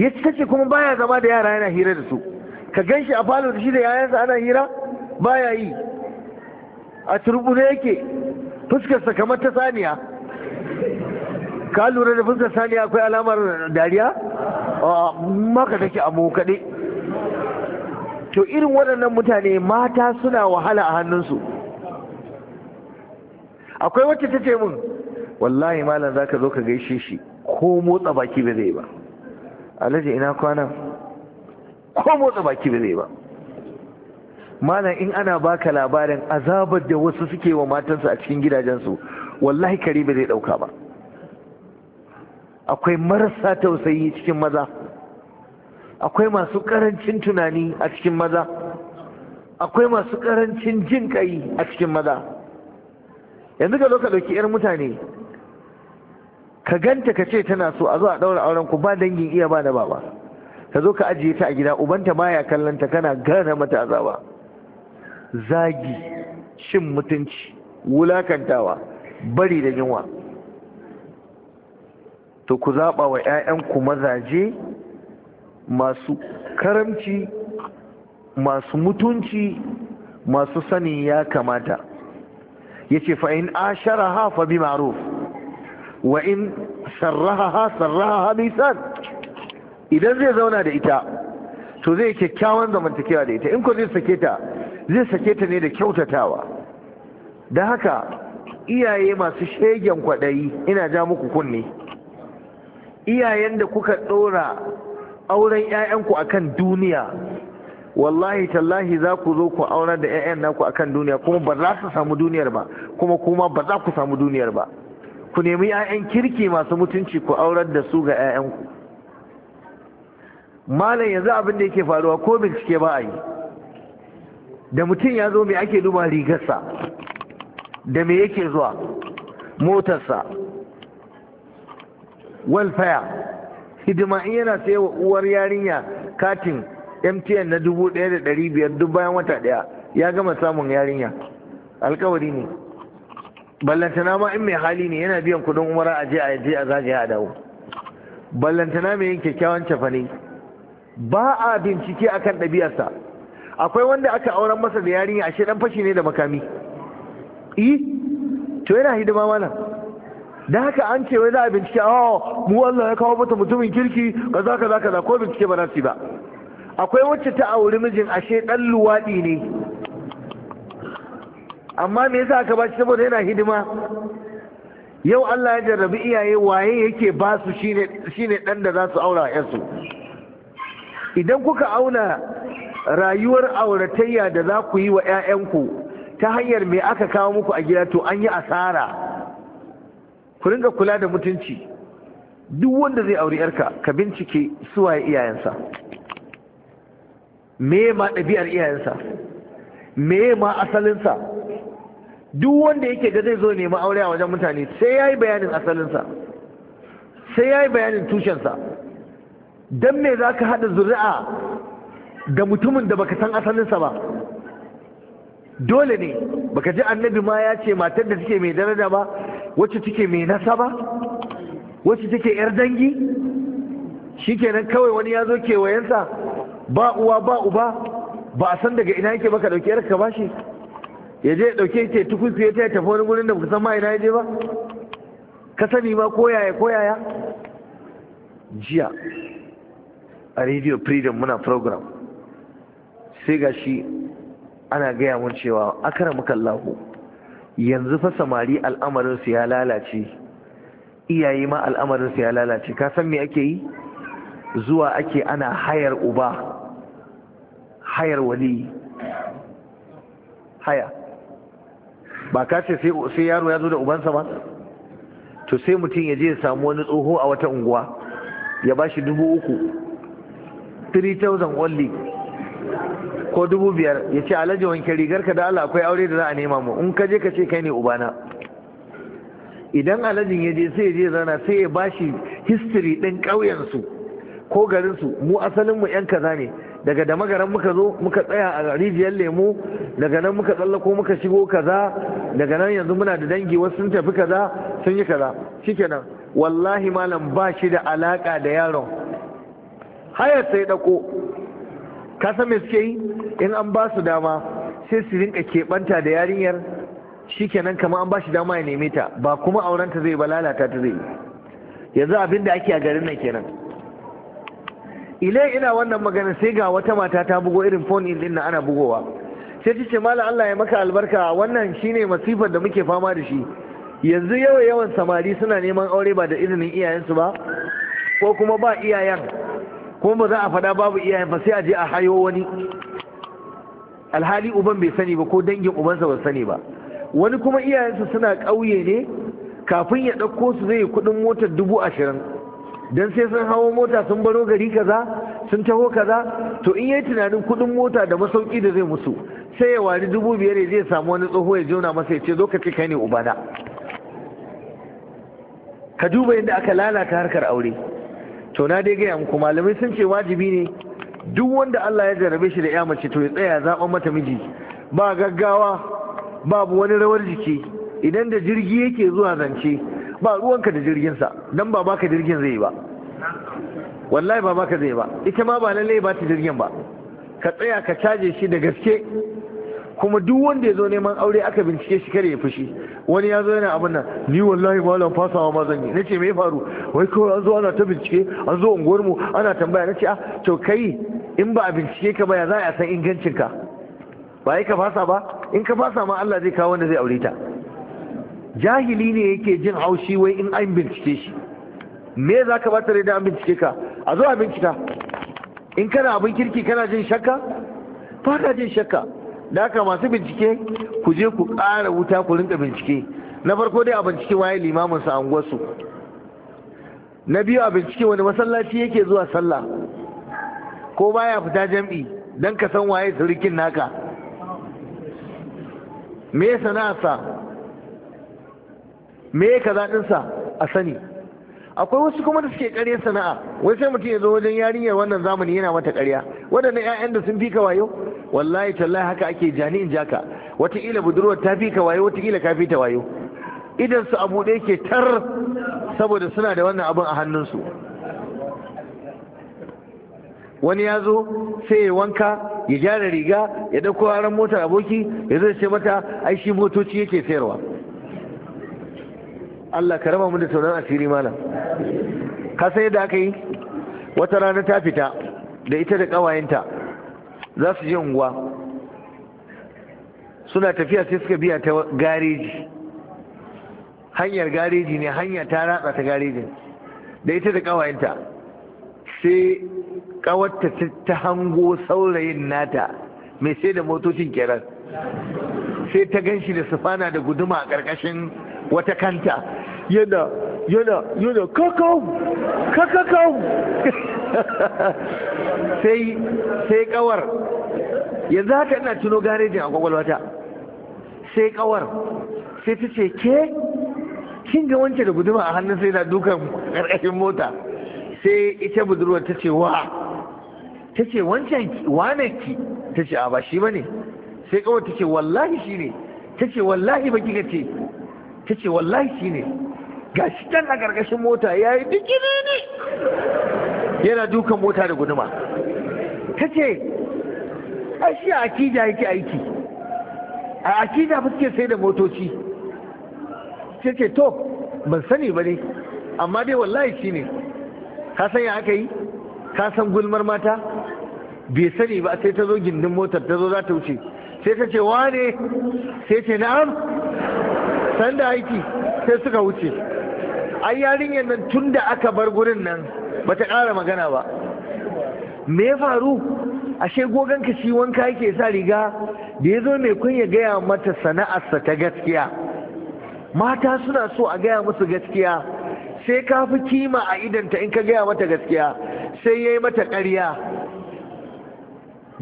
ya ci tace kuma baya zama da yara yana hira da su ka gan shi a falo da shi da yayansa ana hira baya yi a turbune yake fuskarsa kamar ta saniya ka lura da fuskar saniya akwai alamar dariya maka take amo kaɗai to irin waɗannan mutane mata suna wahala a hannunsu akwai wacce ta ce min wallahi malam za ka zo ka gaishe shi ko motsa baki ba zai ba Alaji ina kwana ko motsa baki ba zai ba malam in ana baka labarin azabar da wasu suke wa matansu a cikin gidajensu wallahi kare ba zai dauka ba akwai marasa tausayi cikin maza akwai masu karancin tunani a cikin maza akwai masu karancin jin kai a cikin maza yanzu ga zo ɗauki 'yar mutane ka ganta ka ce tana so a zo a ɗaura auren ku ba dangin iya ba da baba ka zo ka ajiye ta a gida ubanta baya kallon ta kana gane mata azaba zagi shin mutunci wulakantawa bari da yunwa to ku zaɓa wa 'ya'yanku mazaje masu karamci masu mutunci masu sanin ya kamata ya ce fa'in ashara hafa bi maruf wa in sarraha-sarraha, sarrahaha idan zai zauna da ita to zai kyakkyawan zamantakewa da ita in ko zai sake ta zai sake ta ne da kyautatawa da haka iyaye masu shegen kwaɗayi ina ja muku kunne iyayen da kuka ɗora auren 'ya'yanku akan duniya wallahi tallahi za ku zo ku aurar da 'ya'yan naku akan duniya kuma ba za su samu duniyar ba kuma kuma ba za ku samu duniyar ba ku nemi 'ya'yan kirki masu mutunci ku aurar da su ga 'ya'yanku malam yanzu abin da yake faruwa ko bincike ba a yi da mutum ya zo mai ake duba rigarsa da me yake zuwa motarsa Walfaya. hidima in yana wa uwar yarinya katin mtn na 1500 duk bayan wata daya ya gama samun yarinya alkawari ne ballantana ma in mai hali ne yana biyan kudin umara a je a je a zagaya a dawo ballantana mai yin kyakkyawan cafane ba a bincike akan ɗabi'arsa akwai wanda aka auren masa da yarinya ashe dan fashi ne da makami i e, to yana hidima mana da haka an ce wai za a bincike a oh, mu Allah ya kawo mata mutumin kirki kaza kaza kaza ko bincike ba na ba akwai wacce ta auri mijin ashe dan luwaɗi ne amma me yasa aka bashi saboda yana hidima yau Allah ya jarrabi iyaye waye yake ba su shine dan da za su aura yansu idan kuka auna rayuwar auratayya da za ku yi wa 'ya'yanku ta hanyar me aka kawo muku a gida to an yi asara ku ringa kula da mutunci duk wanda zai auri yarka ka bincike suwaye iyayensa me ma ɗabi'ar iyayensa me ma asalinsa duk wanda yake ga zai zo nemi aure a wajen mutane sai ya yi bayanin asalinsa sai ya yi bayanin tushensa don me za ka haɗa zuri'a da mutumin da baka san asalinsa ba dole ne baka ji annabi ma ya ce matar da take mai daraja ba wacce take mai ba? wacce take yar dangi shikenan kawai wani ya zo kewayensa ba uwa ba uba ba a san daga ina yake baka ɗauki yarka ba shi ya je ya ɗauke ke tukun su ya tafi wani gurin da ba san ma ina ya je ba ka sani ma koyaya koyaya jiya a radio freedom muna program sai ga shi ana gaya mun cewa akara makallahu yanzu fa samari al'amarinsu ya lalace iyaye ma al'amarinsu ya lalace ka san me ake yi zuwa ake ana hayar uba hayar wali haya ba ka ce sai yaro ya zo da ubansa ba to sai mutum ya je ya samu wani tsoho a wata unguwa ya ba shi dubu uku 3000 only ko dubu biyar ya ce alhaji wanke rigar ka da Allah akwai aure da za a nema mu in ka je ka ce kai ne ubana idan alhajin ya je sai ya je zana sai ya ba shi history din ƙauyensu ko garinsu mu asalinmu 'yan kaza ne daga da magaran muka zo muka tsaya a rijiyar lemu daga nan muka tsallako muka shigo kaza daga nan yanzu muna da dangi wasu sun tafi kaza sun yi kaza shikenan wallahi malam ba shi da alaka da yaron hayar sai dako ka san suke yi in an ba su dama sai su rinka keɓanta da yarinyar shikenan kamar an ba shi dama ya neme ta ba kuma auren ta zai ba lalata ta zai yanzu abin da ake a garin nan kenan ile ina wannan magana sai ga wata mata ta bugo irin phone in din ana bugowa sai ta ce malam Allah ya maka albarka wannan shine masifar da muke fama da shi yanzu yawan yawan samari suna neman aure ba da izinin iyayensu ba ko kuma ba iyayen ko ba za a faɗa babu iyayen ba sai a je a hayo wani alhali uban bai sani ba ko dangin ubansa ba sani ba wani kuma iyayensa suna ƙauye ne kafin ya ɗauko su zai kuɗin motar dubu ashirin don sai sun hawo mota sun baro gari kaza sun taho kaza to in yayi tunanin kudin mota da masauki da zai musu sai ya wari dubu biyar ya zai samu wani tsoho ya jona masa ya ce zo ka ce kai ne ubana ka duba yadda aka lalata harkar aure to na dai gaya muku malamai sun ce wajibi ne duk wanda Allah ya jarabe shi da ya mace to ya tsaya zaɓa mata miji ba gaggawa babu wani rawar jiki idan da jirgi yake zuwa zance ba ruwanka da jirginsa don ba baka jirgin zai ba wallahi ba baka zai ba ita ma ba lallai ba ta jirgin ba ka tsaya ka caje shi da gaske kuma duk wanda ya zo neman aure aka bincike shi kare ya fushi wani ya zo yana abin nan ni wallahi malam fasawa ma zan yi nace me ya faru wai kawai an zo ana ta bincike an zo unguwar mu ana tambaya nace ah to kai in ba a bincike ka ba ya za a san ingancinka, ka ba ka fasa ba in ka fasa ma Allah zai kawo wanda zai aure ta jahili ne yake jin haushi wai in an bincike shi me za ka bata da an bincike ka a zo a bincika in kana abin kirki kana jin shakka ba ka jin shakka da haka masu bincike ku je ku ƙara wuta ku rinka bincike na farko dai a bincike waye limamin sa anguwarsu na biyu a bincike wani masallaci yake zuwa sallah ko baya fita jam'i dan ka san waye surukin naka me sana'arsa me kaza ɗinsa a sani akwai wasu kuma da suke ƙarya sana'a wai sai mutum ya zo wajen yarinyar wannan zamani yana mata ƙarya waɗannan 'ya'yan da sun fi ka wayo wallahi tallahi haka ake jani in jaka wataƙila budurwar ta fi ka wayo wataƙila ka fi ta wayo idan su abu ɗaya ke tar saboda suna da wannan abin a hannunsu wani ya zo sai ya wanka ya gyara riga ya ɗauko aron motar aboki ya zai ce mata ai motoci yake sayarwa Allah ka rama mun da sauran asiri malam ka san yadda aka yi wata rana ta fita da ita da ƙawayenta za su je unguwa suna tafiya sai suka biya ta gareji hanyar gareji ne hanya ta ratsa ta garejin da ita da kawayenta sai ƙawarta ta hango saurayin nata mai sai da motocin kenan sai ta gan shi da sufana da guduma a ƙarƙashin wata kanta yana yana yana kakau kakakau sai sai kawar yanzu haka ina tuno garejin a kwakwalwata sai kawar sai ta ce ke kin ga wance da guduma a hannun sai na dukan ƙarƙashin mota sai ita budurwar ta ce wa ta ce wancan wane ki ta ce a ba shi ba ne sai kawai ta ce wallahi shi ne ta ce wallahi ba kika ce ta ce wallahi shi ne ga shi can a ƙarƙashin mota ya yi digiri ne yana dukan mota da guduma ta ce a shi a akija yake aiki a Akija ba suke sai da motoci ta ce to ban sani ba ne amma dai wallahi shi ne ka san ya aka yi ka san gulmar mata bai sani ba sai ta zo gindin motar ta zo za ta wuce sai ta ce wane sai ce na'am sanda aiki sai suka wuce ai yarinyar nan tun da aka bar gurin nan bata ƙara magana ba me ya faru ashe gogon ka shi wanka yake sa riga da ya zo mai kun ya gaya mata sana'arsa ta gaskiya mata suna so a gaya musu gaskiya sai ka fi kima a idanta in ka gaya mata gaskiya sai ya yi mata ƙarya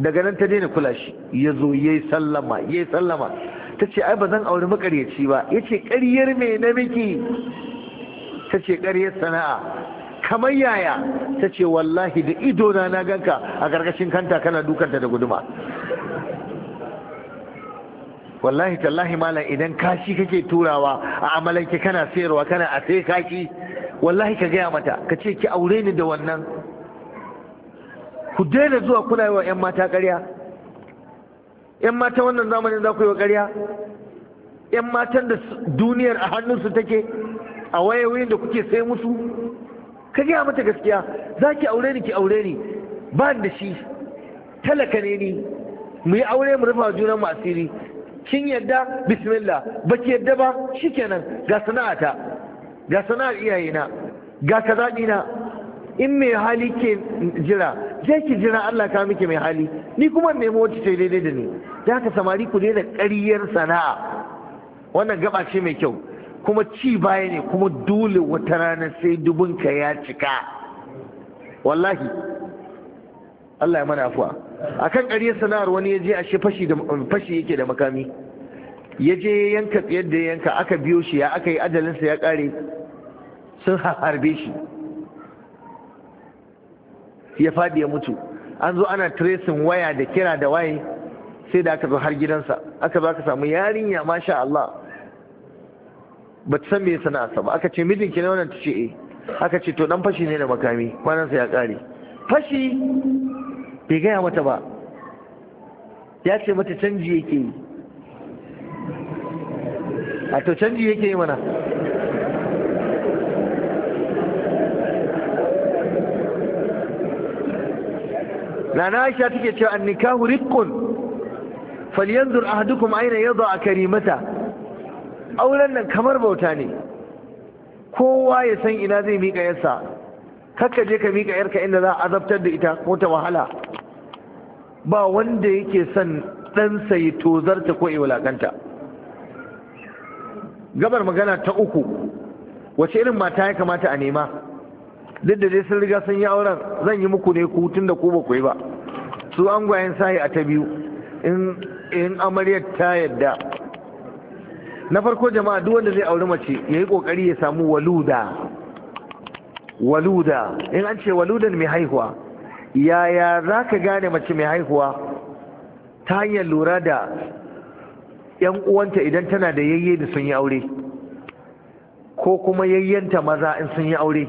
daga nan ta daina kula shi ya zo ya yi sallama ya yi sallama ta ce ai ba zan auri makaryaci ba ya ce ƙaryar mai na miki ta ce ƙaryar sana'a kamar yaya ta ce wallahi da idona na ganka a ƙarƙashin kanta kana dukanta da guduma wallahi tallahi malam idan kashi kake turawa a amalanki kana sayarwa kana a sai kaki wallahi ka gaya mata ka ce ki aure ni da wannan ku daina zuwa kuna yi wa 'yan mata karya. 'yan mata wannan zamanin za ku yi wa ƙarya 'yan matan da duniyar a hannunsu take a wayoyin da kuke sai musu ka gaya mata gaskiya za ki aure ni ki aure ni ba da shi talaka ne ni mu yi aure mu rufa junan mu asiri kin yadda bismillah ba ki yadda ba shikenan ga sana'ata ga sana'ar iyayena ga kaza in mai hali ke jira je ki jira Allah ka miki mai hali ni kuma nemo wacce ce daidai da ni da haka samari ku ne da ƙaryar sana'a wannan gaba ce mai kyau kuma ci baya ne kuma dole wata rana sai dubunka ya cika wallahi Allah ya mana afuwa akan ƙaryar sana'ar wani ya je a shi fashi yake da makami ya je yanka yadda yanka aka biyo shi ya aka yi adalinsa ya kare, sun harbe shi ya faɗi ya mutu an zo ana tracing waya da kira da waye sai da aka zo har gidansa aka zo aka samu yarinya masha Allah ba ta san me sana'arsa ba aka ce mijin ki ne wannan ta ce eh aka ce to dan fashi ne da makami kwanan sa ya kare fashi bai gaya mata ba ya ce mata canji yake yi a to canji yake yi mana nana aisha take cewa nikahu riqqun falyanzur ahadukum ayna yadha karimata auren nan kamar bauta ne kowa ya san ina zai mika yarsa kakka je ka mika yarka inda za a azabtar da ita ko ta wahala ba wanda yake son ɗansa ya tozarta ko ya wulakanta gabar magana ta uku wace irin mata ya kamata a nema duk da dai sun riga sun yi auren zan yi muku ne ku tun da ku ba ku yi ba su angwayen sayi a ta biyu in amaryar ta yadda na farko jama'a duk wanda zai auri mace ya yi kokari ya samu waluda waluda in an ce waludan mai haihuwa yaya za ka gane mace mai haihuwa ta hanyar lura da 'yan uwanta idan tana da yayye da sun yi aure ko kuma yayyanta maza in sun yi aure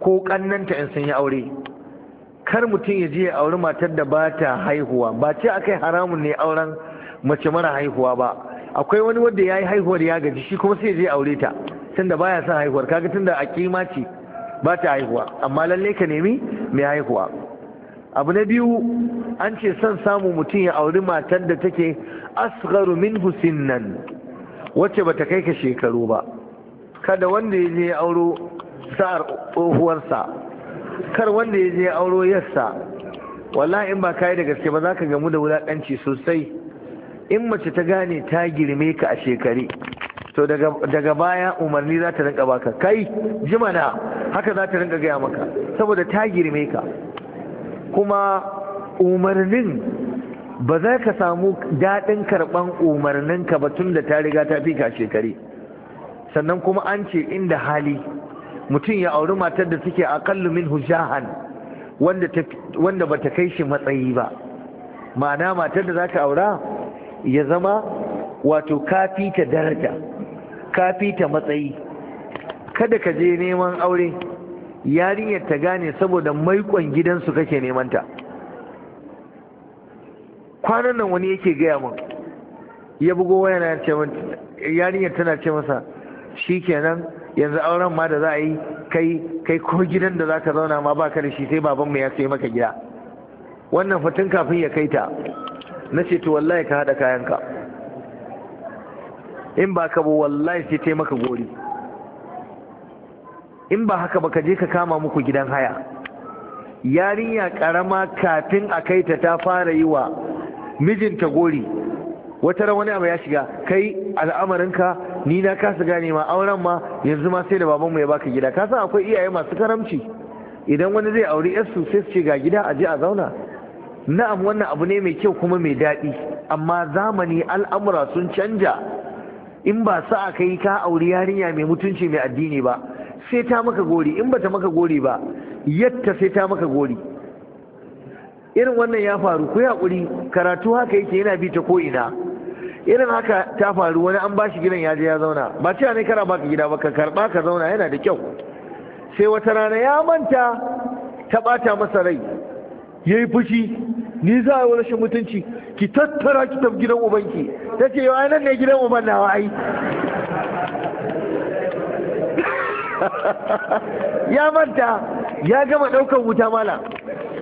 ko kannanta in sun yi aure kar mutum ya je ya auri matar da ba ta haihuwa ba ce kai haramun ne auren mace mara haihuwa ba akwai wani wanda ya yi haihuwar ya gaji shi kuma sai je aure ta da baya son haihuwar kaga da a kima ce ba ta haihuwa amma lalle ka nemi mai haihuwa abu na biyu an ce son samu mutum ya auri matar da take asgharu Husin nan. wacce ba ta kai ka shekaru ba kada wanda ya je auro sa'ar tsohuwarsa kar wanda ya je auro yassa wallahi in ba kai da gaske ba za ka gamu da wulakanci sosai in mace ta gane ta girme ka a shekari to daga baya umarni za ta rinka baka kai jimana haka za ta rinka gaya maka saboda ta girme ka kuma umarnin ba za ka samu daɗin karɓan umarninka ba tun da ta riga ta fi ka shekari sannan kuma an ce inda hali mutum ya auri matar da suke aqallu min jahan wanda wanda bata kai shi matsayi ba ma'ana matar da za zaka aura ya zama wato kafi ta daraja kafi ta matsayi kada ka je neman aure yarinyar ta gane saboda maikon gidansu kake neman ta kwanan nan wani yake gaya min ya bugo waya na ce yarinyar tana ce masa shi shikenan yanzu auren ma da za a yi kai kai ko gidan da za zaka zauna ma ba ka da shi sai babanmu ya sai maka gida wannan fatin kafin ya kai ta na ce to wallahi ka haɗa kayanka in ba ka bu wallahi sai ta maka gori in ba haka ba ka je ka kama muku gidan haya yarinya karama kafin a kai ta ta fara yi wa mijinta gori wata wani abu ya shiga kai al'amarinka ni na kasa gane ma auren ma yanzu ma sai da babanmu ya baka gida ka san akwai iyaye masu karamci idan wani zai auri su sai su ce ga gida a je a zauna na'am wannan abu ne mai kyau kuma mai daɗi amma zamani al'amura sun canja in ba sa'a kai ka auri yarinya mai mutunci mai addini ba sai ta maka gori in bata maka gori ba yadda sai ta maka gori irin wannan ya faru ku hakuri karatu haka yake yana bi ta ko'ina. irin haka ta faru wani an bashi gidan ya je ya zauna ba cewa ne kara baka gida ba ka karba ka zauna yana da kyau sai wata rana ya manta ta bata masa rai yayi fushi ni za a yi rashin mutunci ki tattara ki tafi gidan ubanki ta ce yau nan ne gidan uban na wa'ai ya manta ya gama ɗaukar wuta mala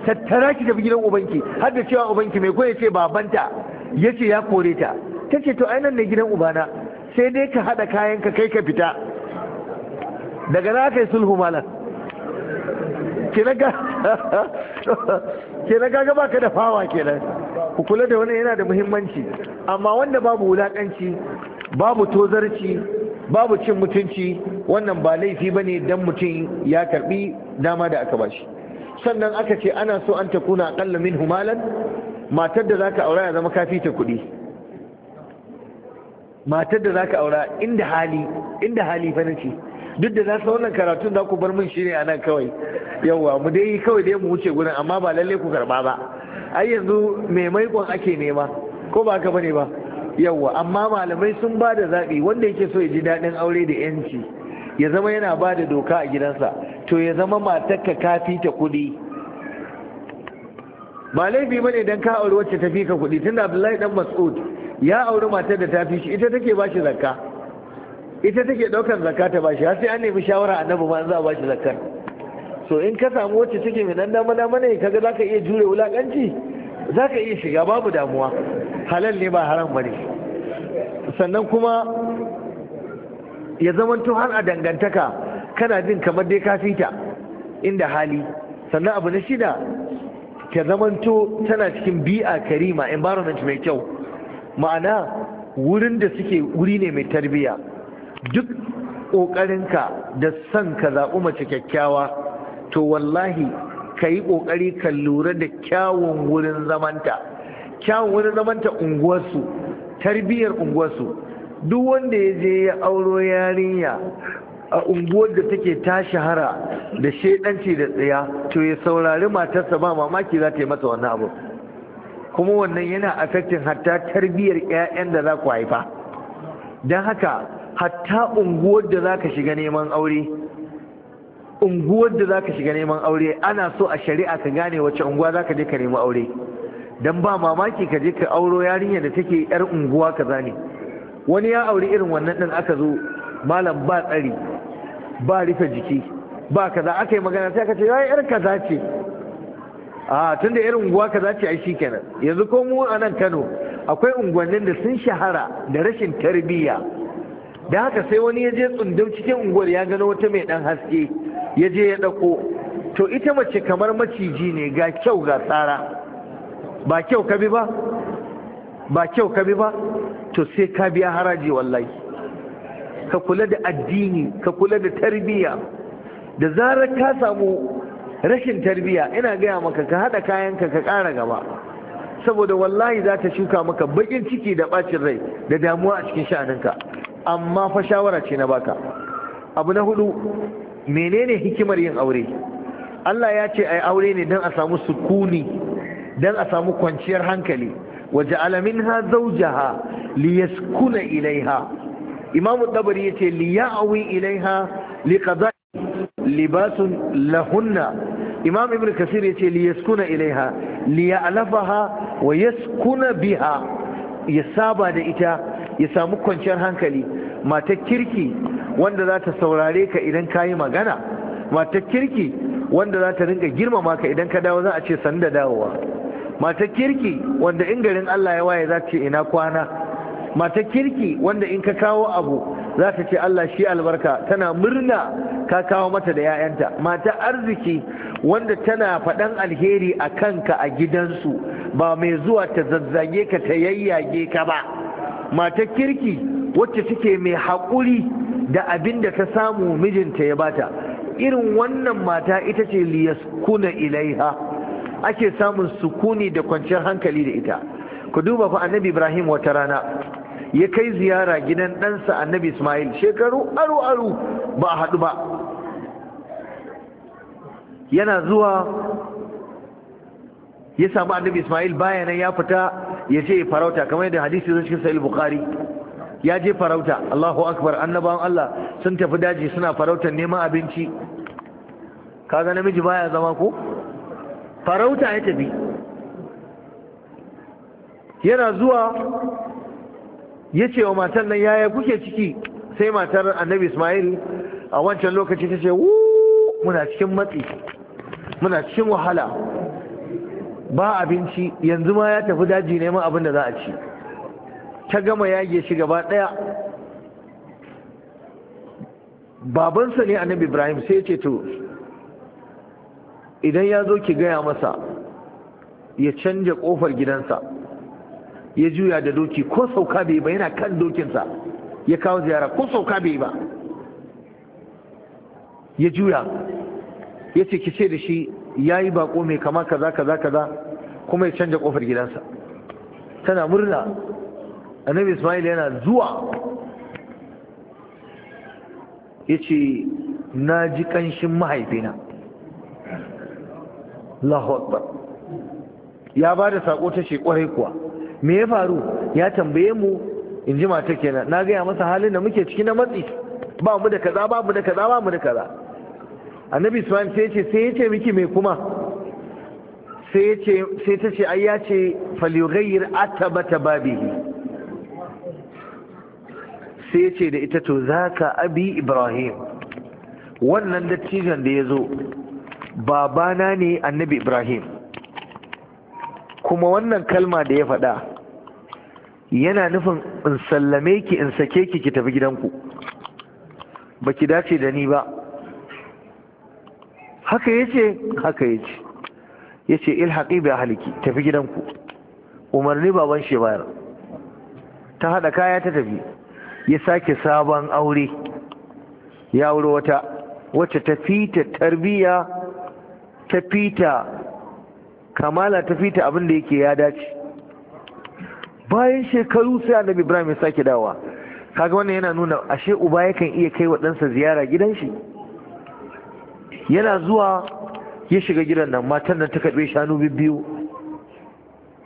tattara ki tafi gidan ubanki har da cewa ubanki mai koya ce babanta ya ce ya kore ta ta ce to ainihin ne gidan ubana sai dai ka haɗa kayan ka kai ka fita daga na aka yi sulhu malam na gaga ba ka da fawa kenan ku kula da wani yana da muhimmanci amma wanda babu wulaƙanci babu tozarci babu cin mutunci wannan ba laifi ba ne don mutum ya karbi dama da aka bashi sannan aka ce ana so an ta kuna aƙalla min humalan matar da za ka aura ya zama kafi ta kuɗi matar da za ka aura inda hali inda hali fa duk da na san wannan karatun za ku bar min shi ne a nan kawai yawwa mu dai kawai dai mu wuce gurin amma ba lalle ku karba ba ai yanzu mai maikon ake nema ko ba haka bane ba yawwa amma malamai sun ba da zaɓi wanda yake so ya ji daɗin aure da yanci ya zama yana ba da doka a gidansa to ya zama matarka ka fi ta kuɗi ba laifi ba ne don ka aure wacce ta fi ka kuɗi tunda abdullahi dan mas'ud ya auri matar da ta fi shi ita take ba shi zakka ita take daukar zakka ta ba shi har sai an nemi shawara annabi ma za a ba shi zakkar so in ka samu wacce take mai dan dama dama ne kaga zaka iya jure wulakanci zaka iya shiga babu damuwa halal ne ba haram bane sannan kuma ya zamanto har a dangantaka kana jin kamar dai ka fita inda hali sannan abu na shida ta zamanto tana cikin bi'a karima environment mai kyau ma'ana wurin da suke wuri ne mai tarbiyya duk ƙoƙarinka da son ka zaɓi mace kyakkyawa to wallahi ka yi ƙoƙari ka lura da kyawun wurin zamanta kyawun wurin zamanta unguwarsu tarbiyyar unguwarsu duk wanda ya je ya auro yarinya a unguwar da take ta shahara da shaidanci da tsaya to ya saurari matarsa ba mamaki za ta yi mata wannan abu kuma wannan yana affecting hatta tarbiyyar ƴaƴan da za ku haifa don haka hatta unguwar da za ka shiga neman aure unguwar da za ka shiga neman aure ana so a shari'a ka gane wacce unguwa za ka je ka nemi aure don ba mamaki ka je ka auro yarinyar da take yar unguwa kaza ne wani ya auri irin wannan din aka zo malam ba tsari ba rufe jiki ba kaza aka yi magana sai aka ce yayi yar kaza ce a tun da irin unguwa ka za ci ai shi kenan yanzu ko mu a nan kano akwai unguwannin da sun shahara da rashin tarbiyya da haka sai wani ya je tsundum cikin unguwar ya gano wata mai dan haske ya je ya ɗauko to ita mace kamar maciji ne ga kyau ga tsara ba kyau ka bi ba ba kyau ka bi ba to sai ka biya haraji wallahi ka kula da addini ka kula da tarbiyya da zarar ka samu rashin tarbiya ina gaya maka ka haɗa kayan ka ka ƙara gaba saboda wallahi za ta shuka maka bakin ciki da ɓacin rai da damuwa a cikin sha'aninka amma fa shawara ce na baka abu na hudu menene hikimar yin aure Allah ya ce ai aure ne don a samu sukuni don a samu kwanciyar hankali waje alamin ha zaujaha liyaskuna ilaiha imamu dabari ya ce liya'awi ilaiha liqada libasun lahunna imam ibn kasir ya ce liyaskuna ilaiha li ya'lafaha wa yaskuna biha ya saba da ita ya samu kwanciyar hankali matar kirki wanda za ta saurare ka idan ka yi magana matar kirki wanda za ta rinka girmama ka idan ka dawo za a ce san da dawowa matar kirki wanda in garin Allah ya waye za ta ce ina kwana matar kirki wanda in ka kawo abu za ta ce Allah shi albarka tana murna ka kawo mata da 'ya'yanta mata arziki wanda tana faɗan alheri a kanka a gidansu ba mai zuwa ta zazzage ka ta yayyage ka ba mata kirki wacce suke mai haƙuri da abin da ta samu mijinta ya bata irin wannan mata ita ce liyaskuna ilaiha ake samun sukuni da kwanciyar hankali da ita ku duba fa annabi ibrahim wata rana ya kai ziyara gidan ɗansa annabi ismail shekaru aru-aru ba a haɗu ba yana zuwa ya samu annabi ismail bayanan ya fita ya ce farauta kamar yadda hadisi zai cikin sa'il bukhari ya je farauta Allahu akbar annabawan Allah sun tafi daji suna farautar neman abinci kaga namiji baya zama ko farauta ya tafi yana zuwa ya ce wa matan nan yaya kuke ciki sai matar annabi ismail a wancan lokaci ta ce muna cikin matsi muna cikin wahala ba abinci yanzu ma ya tafi daji neman abin da za a ci ta gama yage shi gaba ɗaya babansa ne annabi ibrahim sai ya ce to idan ya zo ki gaya masa ya canja ƙofar gidansa ya juya da doki ko sauka bai ba yana kan dokinsa ya kawo ziyara ko sauka bai ba ya juya ya ce ki da shi ya yi bako mai kama kaza kaza kaza kuma ya canja kofar gidansa tana murna annabi ismail yana zuwa ya ce na ji kanshin mahaifina ba ya ba da saƙo ta shi kuwa me ya faru ya tambaye mu in ji mata kenan na gaya masa halin da muke ciki na matsi ba mu da kaza ba mu da kaza ba mu da kaza annabi isma'il sai ce sai ya ce miki me kuma sai ta ce ai ya ce falyughayyir atabata babihi sai ya ce da ita to zaka abi ibrahim wannan dattijan da ya zo babana ne annabi ibrahim kuma wannan kalma da ya faɗa yana nufin in sallame ki in sake ki ki tafi gidanku ba ki dace da ni ba haka ya ce haka ya ce ya ce ilhaƙi bai haliki tafi gidanku umarni baban shi bayar ta haɗa kaya ta tafi ya sake sabon aure ya wuri wata wacce ta fita tarbiyya ta fita kamala ta fita abin da yake ya dace bayan shekaru sai annabi ibrahim ya sake dawa kaga wannan yana nuna ashe uba yakan iya kai wa ɗansa ziyara gidan shi yana zuwa ya shiga gidan nan matan nan ta kaɗe shanu biyu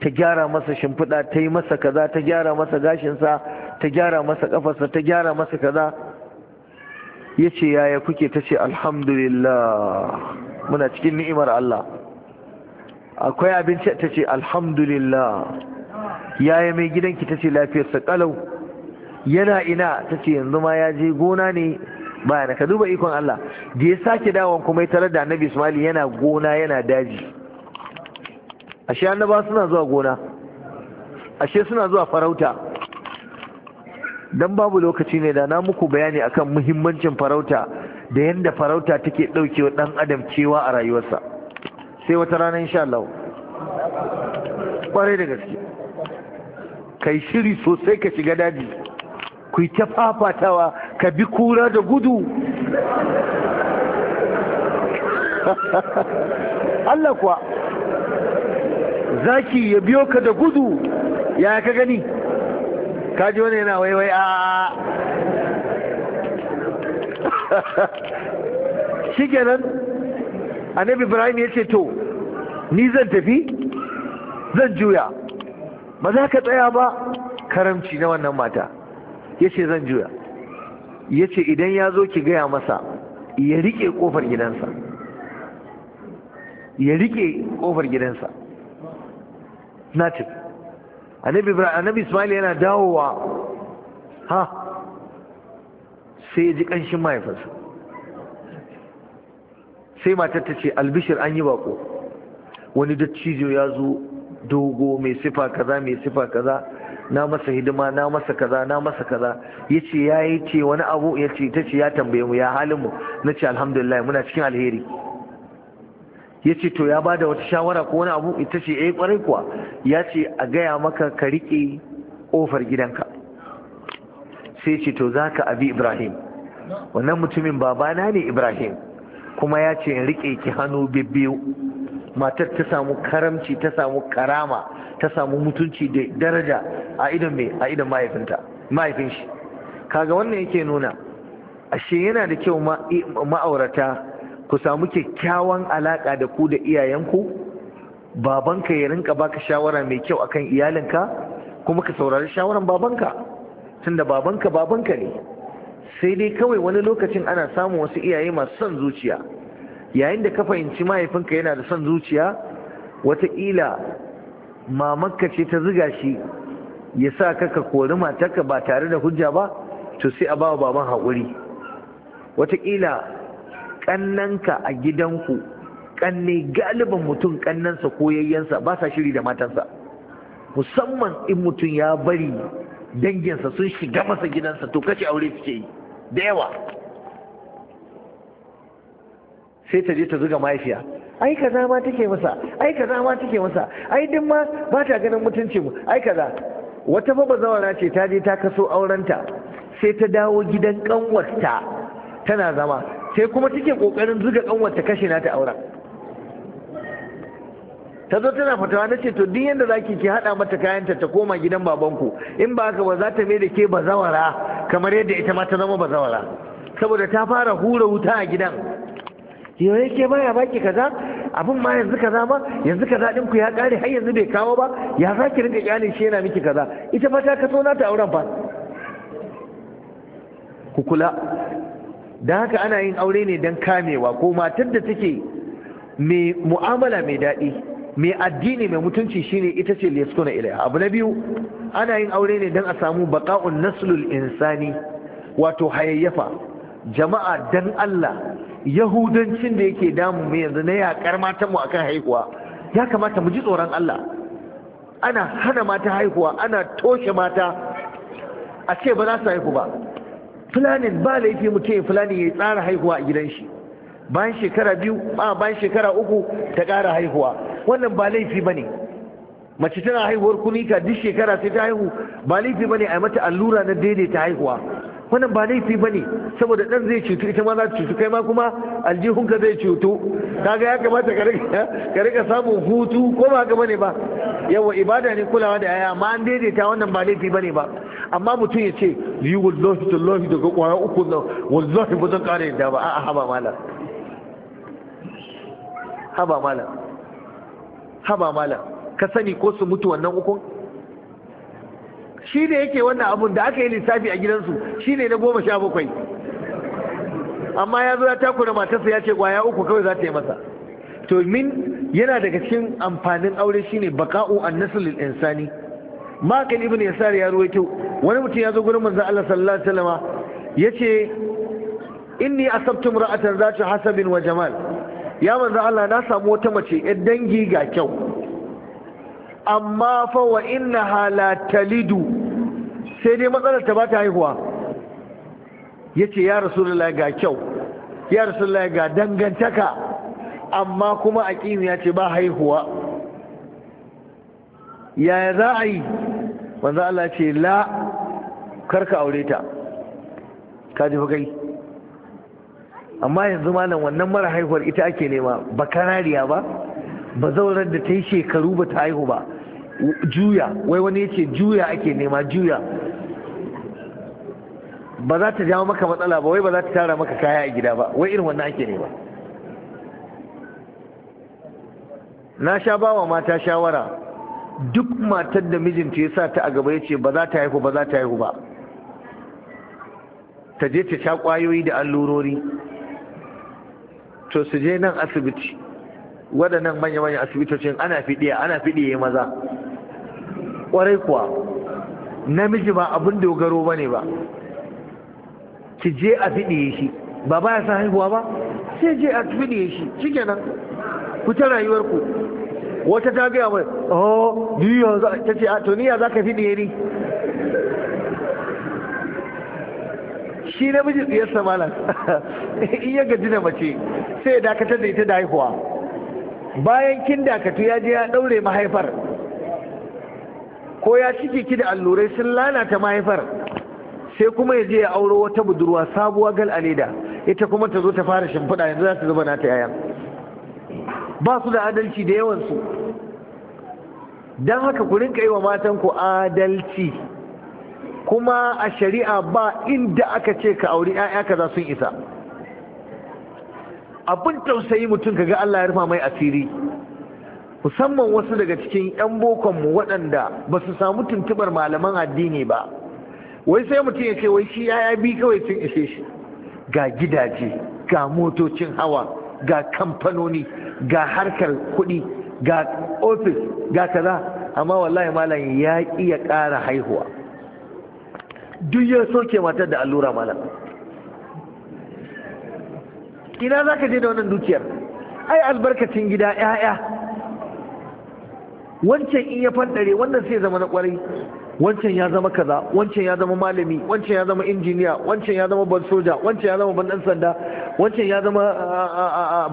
ta gyara masa shimfiɗa ta yi masa kaza ta gyara masa gashinsa ta gyara masa ƙafarsa ta gyara masa kaza ya ce yaya kuke ta ce alhamdulillah muna cikin ni'imar Allah akwai abinci ta ce alhamdulillah yaya mai gidanki tace lafiyarsa kalau yana ina ta ce yanzu ma ya je gona ne bayana ka duba ikon Allah da ya sake dawon kuma ya tarar da annabi Ismail yana gona yana daji ashe annaba suna zuwa gona ashe suna zuwa farauta dan babu lokaci ne da na muku bayani akan muhimmancin farauta da yadda farauta take ɗaukewa ɗan adam cewa a rayuwarsa sai wata rana insha Allah kwarai da gaske kai shiri sosai ka shiga daji ku yi ta fafatawa ka bi kura da gudu Allah kuwa zaki ya biyo ka da gudu ya ka gani kaji wani yana waiwai a shi kenan annabi ibrahim ya ce to ni zan tafi zan juya ba za ka tsaya ba karamci na wannan mata ya ce zan juya ya ce idan ya zo ki gaya masa ya rike ƙofar gidansa ya rike kofar gidansa natif annabi ismail yana dawowa ha sai ya ji ƙanshin mahaifarsa sai matar ta ce albishir an yi bako wani dattijo ya zo dogo mai sifa kaza mai sifa kaza na masa hidima na masa kaza na masa kaza yace yayi ce wani abu yace tace ya tambaye mu ya halin mu nace alhamdulillah muna cikin alheri yace to ya bada wata shawara ko wani abu ita ce eh kwarai kuwa yace a gaya maka ka rike kofar gidanka sai ce to zaka abi Ibrahim wannan mutumin babana ne Ibrahim kuma ya ce in rike ki hannu bibbiyu matar ta samu karamci ta samu karama ta samu mutunci da daraja a idon mai a idan mahaifinta mahaifin shi kaga wannan yake nuna ashe yana da kyau ma'aurata ku samu kyakkyawan alaka da ku da iyayenku babanka ya rinka baka shawara mai kyau akan iyalinka kuma ka saurari shawaran babanka tunda babanka babanka ne sai dai kawai wani lokacin ana samun wasu iyaye masu son zuciya yayin da ka fahimci mahaifinka yana da son zuciya wataƙila mamanka ce ta ziga shi ya sa kaka ka kori matarka ba tare da hujja ba to sai a bawa baban haƙuri wataƙila ƙannanka a gidanku ƙanne galiban mutum ƙannansa ko yayyansa ba sa shiri da matansa musamman in mutum ya bari danginsa sun shiga masa gidansa to kace aure fice yi da yawa sai ta je ta zuga mafiya ai kaza ma take masa ai kaza ma take masa ai din ma ba ta ganin mutunci mu ai kaza wata fa bazawara ce ta je ta kaso aurenta sai ta dawo gidan kanwarta tana zama sai kuma take kokarin zuga kanwarta kashe na ta auren ta zo tana fatawa na ce to duk yadda za ki haɗa mata kayanta ta koma gidan babanku in ba haka ba za ta mai da ke bazawara kamar yadda ita ma ta zama bazawara saboda ta fara hura wuta a gidan yau yake baya baki kaza abin ma yanzu kaza ba yanzu kaza din ku ya kare har yanzu bai kawo ba ya za ki rinka kyalin shi yana miki kaza ita fa ta kaso na ta auren fa ku kula da haka ana yin aure ne don kamewa ko matar da take mai mu'amala mai daɗi mai addini mai mutunci shine ita ce liyaskuna ilaiha abu na biyu ana yin aure ne dan a samu baqa'un naslul insani wato hayayyafa jama'a dan Allah yahudancin da yake damu mai yanzu na yakar matan mu akan haihuwa ya kamata mu ji tsoron Allah ana hana mata haihuwa ana toshe mata a ce ba za su haihu ba Fulanin ba laifi mutum fulani ya tsara haihuwa a gidan shi bayan shekara biyu a bayan shekara uku ta ƙara haihuwa wannan ba laifi ba ne mace tana haihuwar kunika duk shekara sai ta haihu ba laifi ba ne a mata allura na daidaita haihuwa wannan ba laifi bane saboda dan zai cutu ita ma za ta cutu kai ma kuma aljihunka zai cutu kaga ya kamata ka rika samun hutu ko ba ga bane ba yawa ibada ne kulawa da yaya amma an daidaita wannan ba laifi bane ba amma mutum ya ce yi wallahi tallahi daga kwaya uku na wallahi ba zan kare yadda ba a'a haba malam haba malam haba malam ka sani ko su mutu wannan ukun shi ne yake wannan abun da aka yi lissafi a gidansu shi ne na goma sha bakwai amma ya zo ya da matarsa ya ce kwaya uku kawai za ta yi masa to min yana daga cikin amfanin aure shine baka'u an-nasl insani makan ibn yasar ya ruwaito wani mutum ya zo gurin manzon Allah sallallahu alaihi wasallam yace inni asabtu imra'atan zatu hasabin wa jamal ya manzon Allah na samu wata mace yar dangi ga kyau amma fa wa innaha la sai dai matsalar ta ba ta haihuwa ya ce ya rasulullah ga kyau ya rasulullah ga dangantaka amma kuma aƙini ya ce ba haihuwa yaya za a yi manzo Allah ce la karka aure ta ka ji kai amma yanzu malam wannan mara haihuwar ita ake nema ba kanariya ba ba zaurar da ta yi shekaru ba ta haihu ba juya wai wani ya ce juya ake nema juya ba za ta jawo maka matsala ba wai ba za ta tara maka kaya a gida ba wai irin wannan ake ne ba na sha ba wa mata shawara duk matar da mijinta ya sa ta a gaba ya ce ba za ta haihu ba za ta haihu ba ta je ta sha kwayoyi da allurori to su je nan asibiti waɗannan manya-manyan asibitocin ana fiɗiya ana ya maza Kwarai kuwa namiji ba abin dogaro ba ne ba ki je a fiɗiye shi ba ba ya sa haihuwa ba sai je a fiɗiye shi shikenan ku ta rayuwarku wata ta gaya mai oh za ta ce a to ya za ka fiɗiye ni shi namiji tsiyarsa malam in ya gaji da mace sai dakatar da ita da haihuwa bayan kin dakatu ya je ya ɗaure mahaifar ko ya ciki ki da allurai sun lalata mahaifar sai kuma ya je ya auro wata budurwa sabuwa gal a leda ita kuma ta zo ta fara shimfiɗa yanzu za ta zuba nata yayan ba su da adalci da yawansu don haka ku rinka yi wa matan ku adalci kuma a shari'a ba inda aka ce ka auri 'ya'ya kaza sun isa abin tausayi mutum ka ga Allah ya rufa mai asiri musamman wasu daga cikin 'yan bokonmu waɗanda ba su samu tuntubar malaman addini ba wai sai mutum ya ce wai shi ya bi kawai sun ishe shi ga gidaje ga motocin hawa ga kamfanoni ga harkar kuɗi ga ofis ga kaza amma wallahi malam ya iya ƙara haihuwa duk ya soke matar da allura malam ina za ka je da wannan dukiyar ai albarkacin gida 'ya'ya wancan in ya wanda wannan sai zama na ƙwarai. wancan ya zama kaza wancan ya zama malami wancan ya zama injiniya wancan ya zama ban soja wancan ya zama ban sanda wancan ya zama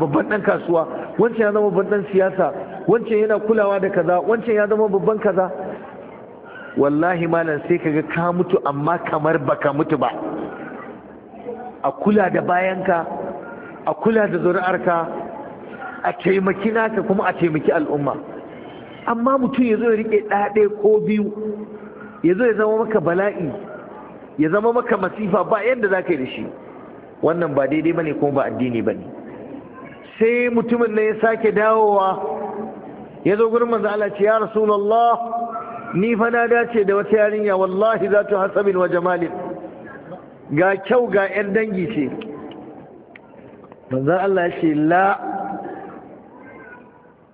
babban dan kasuwa wancan ya zama babban siyasa wancan yana kulawa da kaza wancan ya zama babban kaza wallahi malam sai kaga ka mutu amma kamar baka mutu ba a kula da bayanka a kula da zuri'arka a taimaki naka kuma a taimaki al'umma amma mutum ya zo ya rike ɗaya ko biyu ya zo ya zama maka bala'i ya zama maka masifa ba yadda za ka yi da shi wannan ba daidai ba ne kuma ba addini ba ne sai mutumin na ya sake dawowa ya zo gurin manzo Allah ce ya rasulullah ni fa na dace da wata yarinya wallahi za ta hasabin wa jamalin ga kyau ga yan dangi ce manzo Allah ya ce la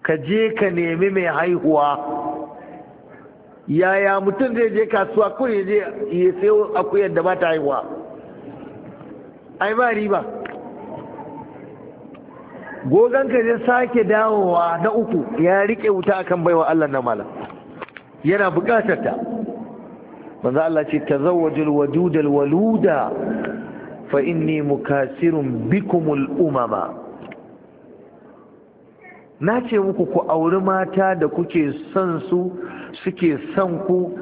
ka je ka nemi mai haihuwa yaya mutum zai je kasuwa ko ya je ya sayo akuyar da ba ta haihuwa ai ba riba ka zai sake dawowa na uku ya rike wuta akan baiwa Allah na malam yana bukatar ta manzo Allah ce tazawwajul wadudal waluda fa inni mukasirun bikumul umama na ce muku ku auri mata da kuke son su suke son ku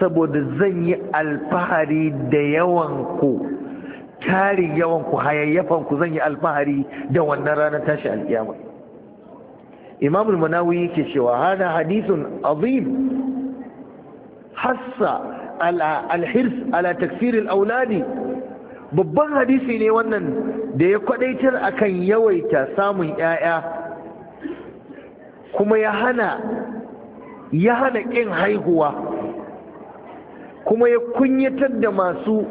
saboda zan yi alfahari da yawan ku tarin yawan ku hayayyafan ku zan yi alfahari da wannan ranar tashi alkiyama imam al-munawi yake cewa hada hadithun azim hassa al ala takfir auladi babban hadisi ne wannan da ya kwadaitar akan yawaita samun 'ya'ya kuma ya hana ya hana ƙin haihuwa kuma ya kunyatar da masu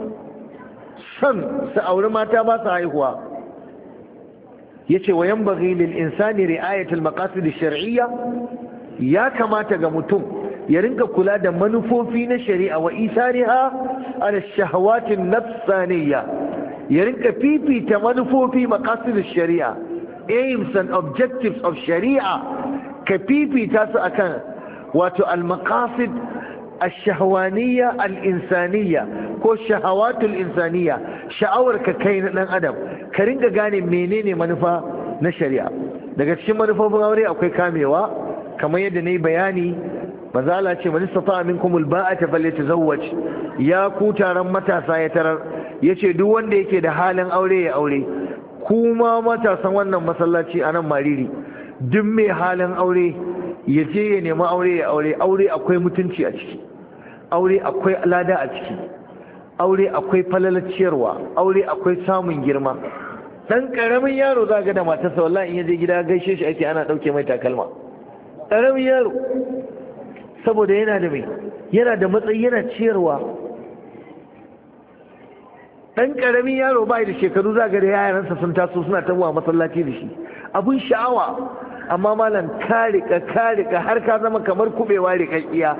son su auri mata ba su haihuwa ya ce wa yan bagi insani ri'ayatul maqasid shar'iyya ya kamata ga mutum ya rinka kula da manufofi na shari'a wa isariha ala shahawatin nafsaniya. ya rinka fifita manufofi maqasid shari'a aims and objectives of shari'a ka fifita su akan wato al-maqasid ash-shahwaniyya al-insaniyya ko shahawatul insaniyya sha'awar ka kai na dan adam ka ringa gane menene manufa na shari'a daga cikin manufofin aure akwai kamewa kamar yadda yi bayani mazala ce man istata minkum alba'ata falyatazawwaj ya ku taron matasa ya tarar yace duk wanda yake da halin aure ya aure kuma matasan wannan masallaci a nan mariri duk mai halin aure ya je ya nemi aure ya aure aure akwai mutunci a ciki aure akwai lada a ciki aure akwai falalaciyarwa aure akwai samun girma dan karamin yaro za ga da matarsa wallahi in ya je gida gaishe shi ake ana ɗauke mai takalma karamin yaro saboda yana da mai yana da matsayi yana ciyarwa dan karamin yaro bai da shekaru za ga da yayaransa sun taso suna tabuwa masallaci da shi abun sha'awa amma malam ka rika ka rika har ka zama kamar kubewa rikakkiya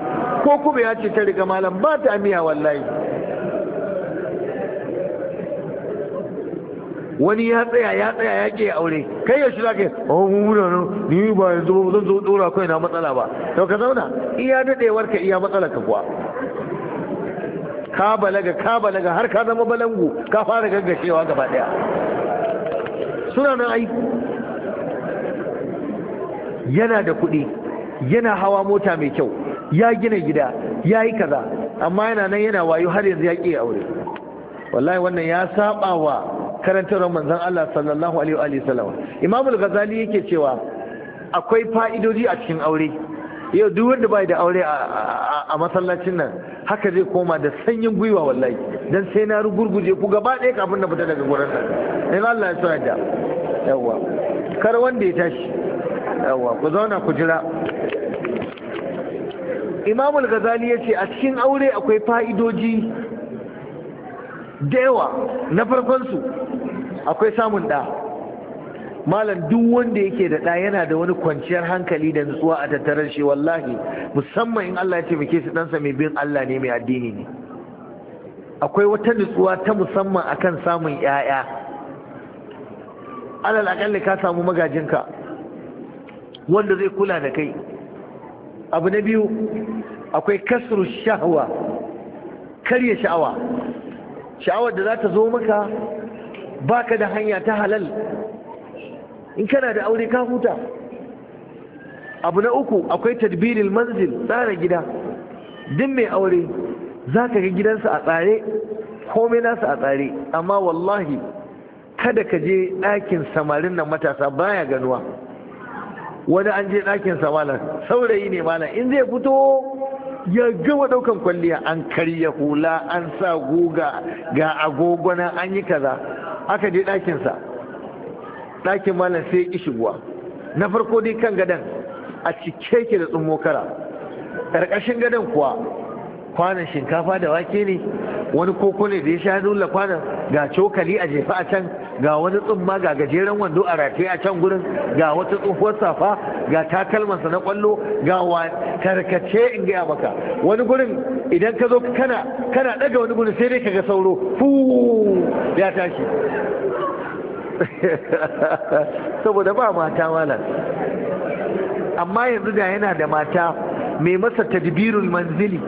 ko kubewa ce ta rika malam ba ta miya wallahi wani ya tsaya ya tsaya ya ke aure kai yaushe za ka yi oh muna nan ni ba yanzu ba zan zo dora kai na matsala ba to ka zauna iya dadewar ka iya matsala ka kuwa ka balaga ka balaga har ka zama balangu ka fara gaggashewa gaba daya suna nan aiki yana da kuɗi yana hawa mota mai kyau ya gina gida ya yi kaza amma yana nan yana wayo har yanzu ya ƙi aure wallahi wannan ya saba wa karantarwar manzan Allah sallallahu alaihi wa sallam Imam al-Ghazali yake cewa akwai fa'idoji a cikin aure yau duk wanda bai da aure a masallacin nan haka zai koma da sanyin gwiwa wallahi dan sai na rugurguje ku gaba ɗaya kafin na fita daga gurin da. ya sa da yawa kar wanda ya tashi yawwa ku zauna ku jira imamu al-ghazali yace a cikin aure akwai fa'idoji da na farkon su akwai samun da malam duk wanda yake da ɗa yana da wani kwanciyar hankali da nutsuwa a tattarar shi wallahi musamman in Allah ya ce muke su ɗansa mai bin Allah ne mai addini ne akwai wata nutsuwa ta musamman akan samun 'ya'ya alal akalli ka samu magajinka wanda zai kula da kai abu na biyu akwai kasru shahwa karya sha'awa sha'awar da za ta zo maka baka da hanya ta halal in kana da aure ka huta abu na uku akwai tadbiril manzil tsara gida din mai aure za ka ga gidansa a tsare komai nasa a tsare amma wallahi kada ka je ɗakin samarin nan matasa baya ganuwa wani an je ɗakin sa malam saurayi ne malam in zai fito ya gama ɗaukan kwalliya an karya hula an sa guga ga agogonan an yi kaza aka je ɗakin sa ɗakin malam sai ya shiguwa na farko dai kan gadan a cike ke da tsummokara kara ƙarƙashin gadan kuwa kwanan shinkafa da wake ne wani koko ne da ya sha nula kwanan ga cokali a jefa a can ga wani tsumma ga gajeren wando a rataye a can gurin ga wata tsohuwar safa ga takalmansa na kwallo ga wa in gaya maka wani gurin idan ka zo kana kana daga wani gurin sai dai ka ga sauro fu ya tashi saboda ba mata malam amma yanzu da yana da mata mai masa tadbirul manzili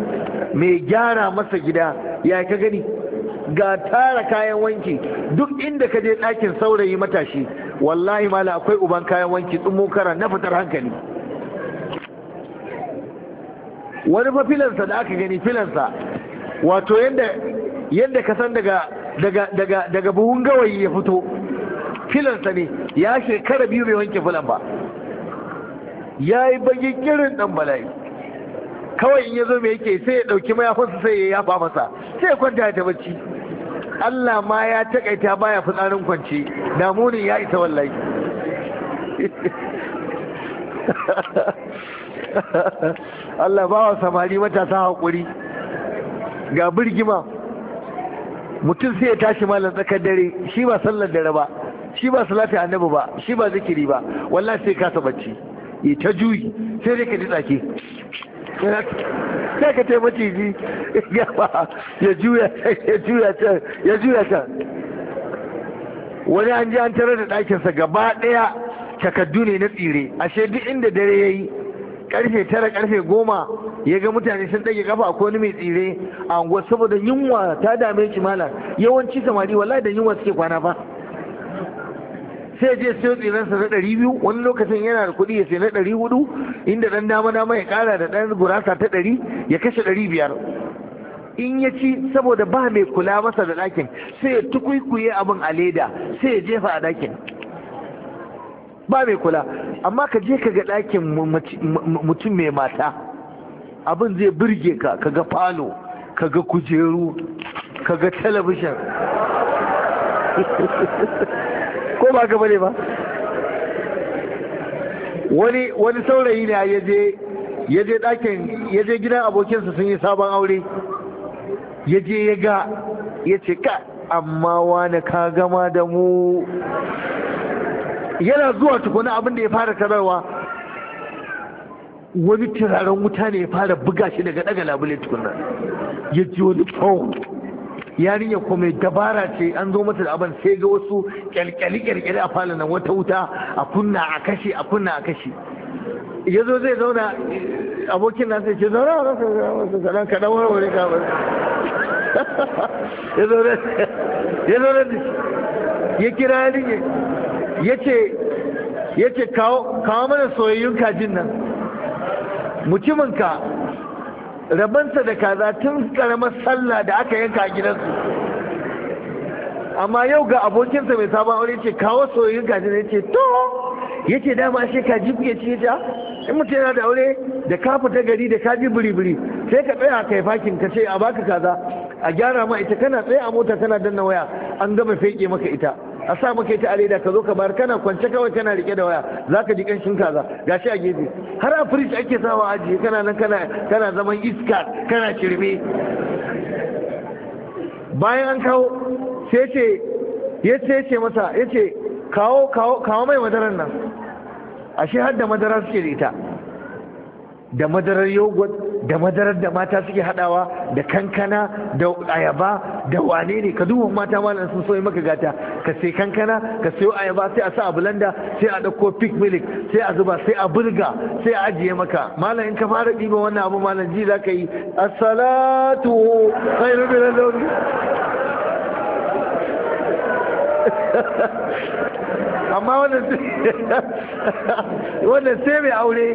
mai gyara masa gida ya ka gani ga tara kayan wanki duk inda ka je ɗakin saurayi matashi wallahi mala akwai uban kayan wanki tsumo kara na fitar hankali wani fa da aka gani filansa wato yadda ka san daga buhun gawayi ya fito filansa ne ya shekara biyu mai wanke filan ba ya yi bagin kirin ɗan bala'i kawai in ya zo mai yake sai ya ɗauki mayafinsa sai ya yafa masa sai ya kwanta ta bacci Allah ma ya takaita baya fitsarin kwanci damunin ya isa wallahi Allah ba wa samari matasa haƙuri ga birgima mutum sai ya tashi malam tsakar dare shi ba sallar dare ba shi ba salati annabi ba shi ba zikiri ba wallahi sai kasa bacci ya ta juyi sai dai ka ji tsaki sai ka taimaki maciji ya juya ya juya can ya juya can wani an ji an tarar da ɗakinsa gaba ɗaya takaddu ne na tsire ashe duk inda dare ya yi ƙarfe tara ƙarfe goma ya ga mutane sun ɗage ƙafa ko wani mai tsire a unguwar saboda yunwa ta dame kimala yawanci samari wallahi da yunwa suke kwana ba. sai je siyo tsiransa na ɗari biyu wani lokacin yana da kuɗi ya sai na ɗari hudu inda ɗan dama dama ya ƙara da ɗan gurasa ta ɗari ya kashe ɗari biyar in ya ci saboda ba mai kula masa da ɗakin sai ya tukuikuye abin a leda sai ya jefa a ɗakin ba mai kula amma ka je ka ga ɗakin mutum mai mata abin zai birge ka ka ga falo ka ga kujeru ka ga talabishin ko ba ka bane ba wani wani saurayi ne ya je ya je dakin ya je gidan abokinsa sun yi sabon aure ya je ya ga ya ce ka amma wani ka gama da mu yana zuwa tukuna abin da ya fara tararwa wani turaren wuta ne ya fara buga shi daga daga labule tukuna ya ji wani tsawon yarinya ko mai dabara ce an zo mata da abin sai ga wasu kyalkyali kyalkyali a falon nan wata wuta a kunna a kashe a kunna a kashe ya zo zai zauna abokin nasa ce zauna a rasa zauna kaɗan warware ka ba ya zo da shi ya kira yarinya ya ce ya ce kawo mana soyayyun kajin nan mutumin ka rabanta da kaza tun karamar sallah da aka yanka a gidansu amma yau ga abokinsa mai sabon aure ce kawo soyayyun kaji ne ce to yace dama ashe kaji kuke ci ta ah, in mutum yana da aure da ka fita gari da ka ji biri-biri sai ka tsaya kai fakin ka ce a baka kaza a gyara ma ita kana tsaye a mota kana danna waya an gama feke maka ita a sa maka ita a leda ka zo ka bar kana kwance kawai kana rike da waya za ka ji kanshin kaza gashi a gefe har a fridge ake sawa ajiye kana nan kana kana zaman iska kana shirme bayan an kawo sai ce ya ce ce masa ya ce kawo kawo kawo mai madarar nan ashe har da madarar suke da ita da madarar yogurt da madarar da mata suke hadawa da kankana da ayaba da wane ne ka duba mata ma sun maka gata ka sai kankana ka sayo ayaba sai a sa a bulanda sai a ɗauko pick milk sai a zuba sai a burga sai a ajiye maka malam in ka fara ɗiba wannan abu malam ji za ka yi assalatu amma wannan sai mai aure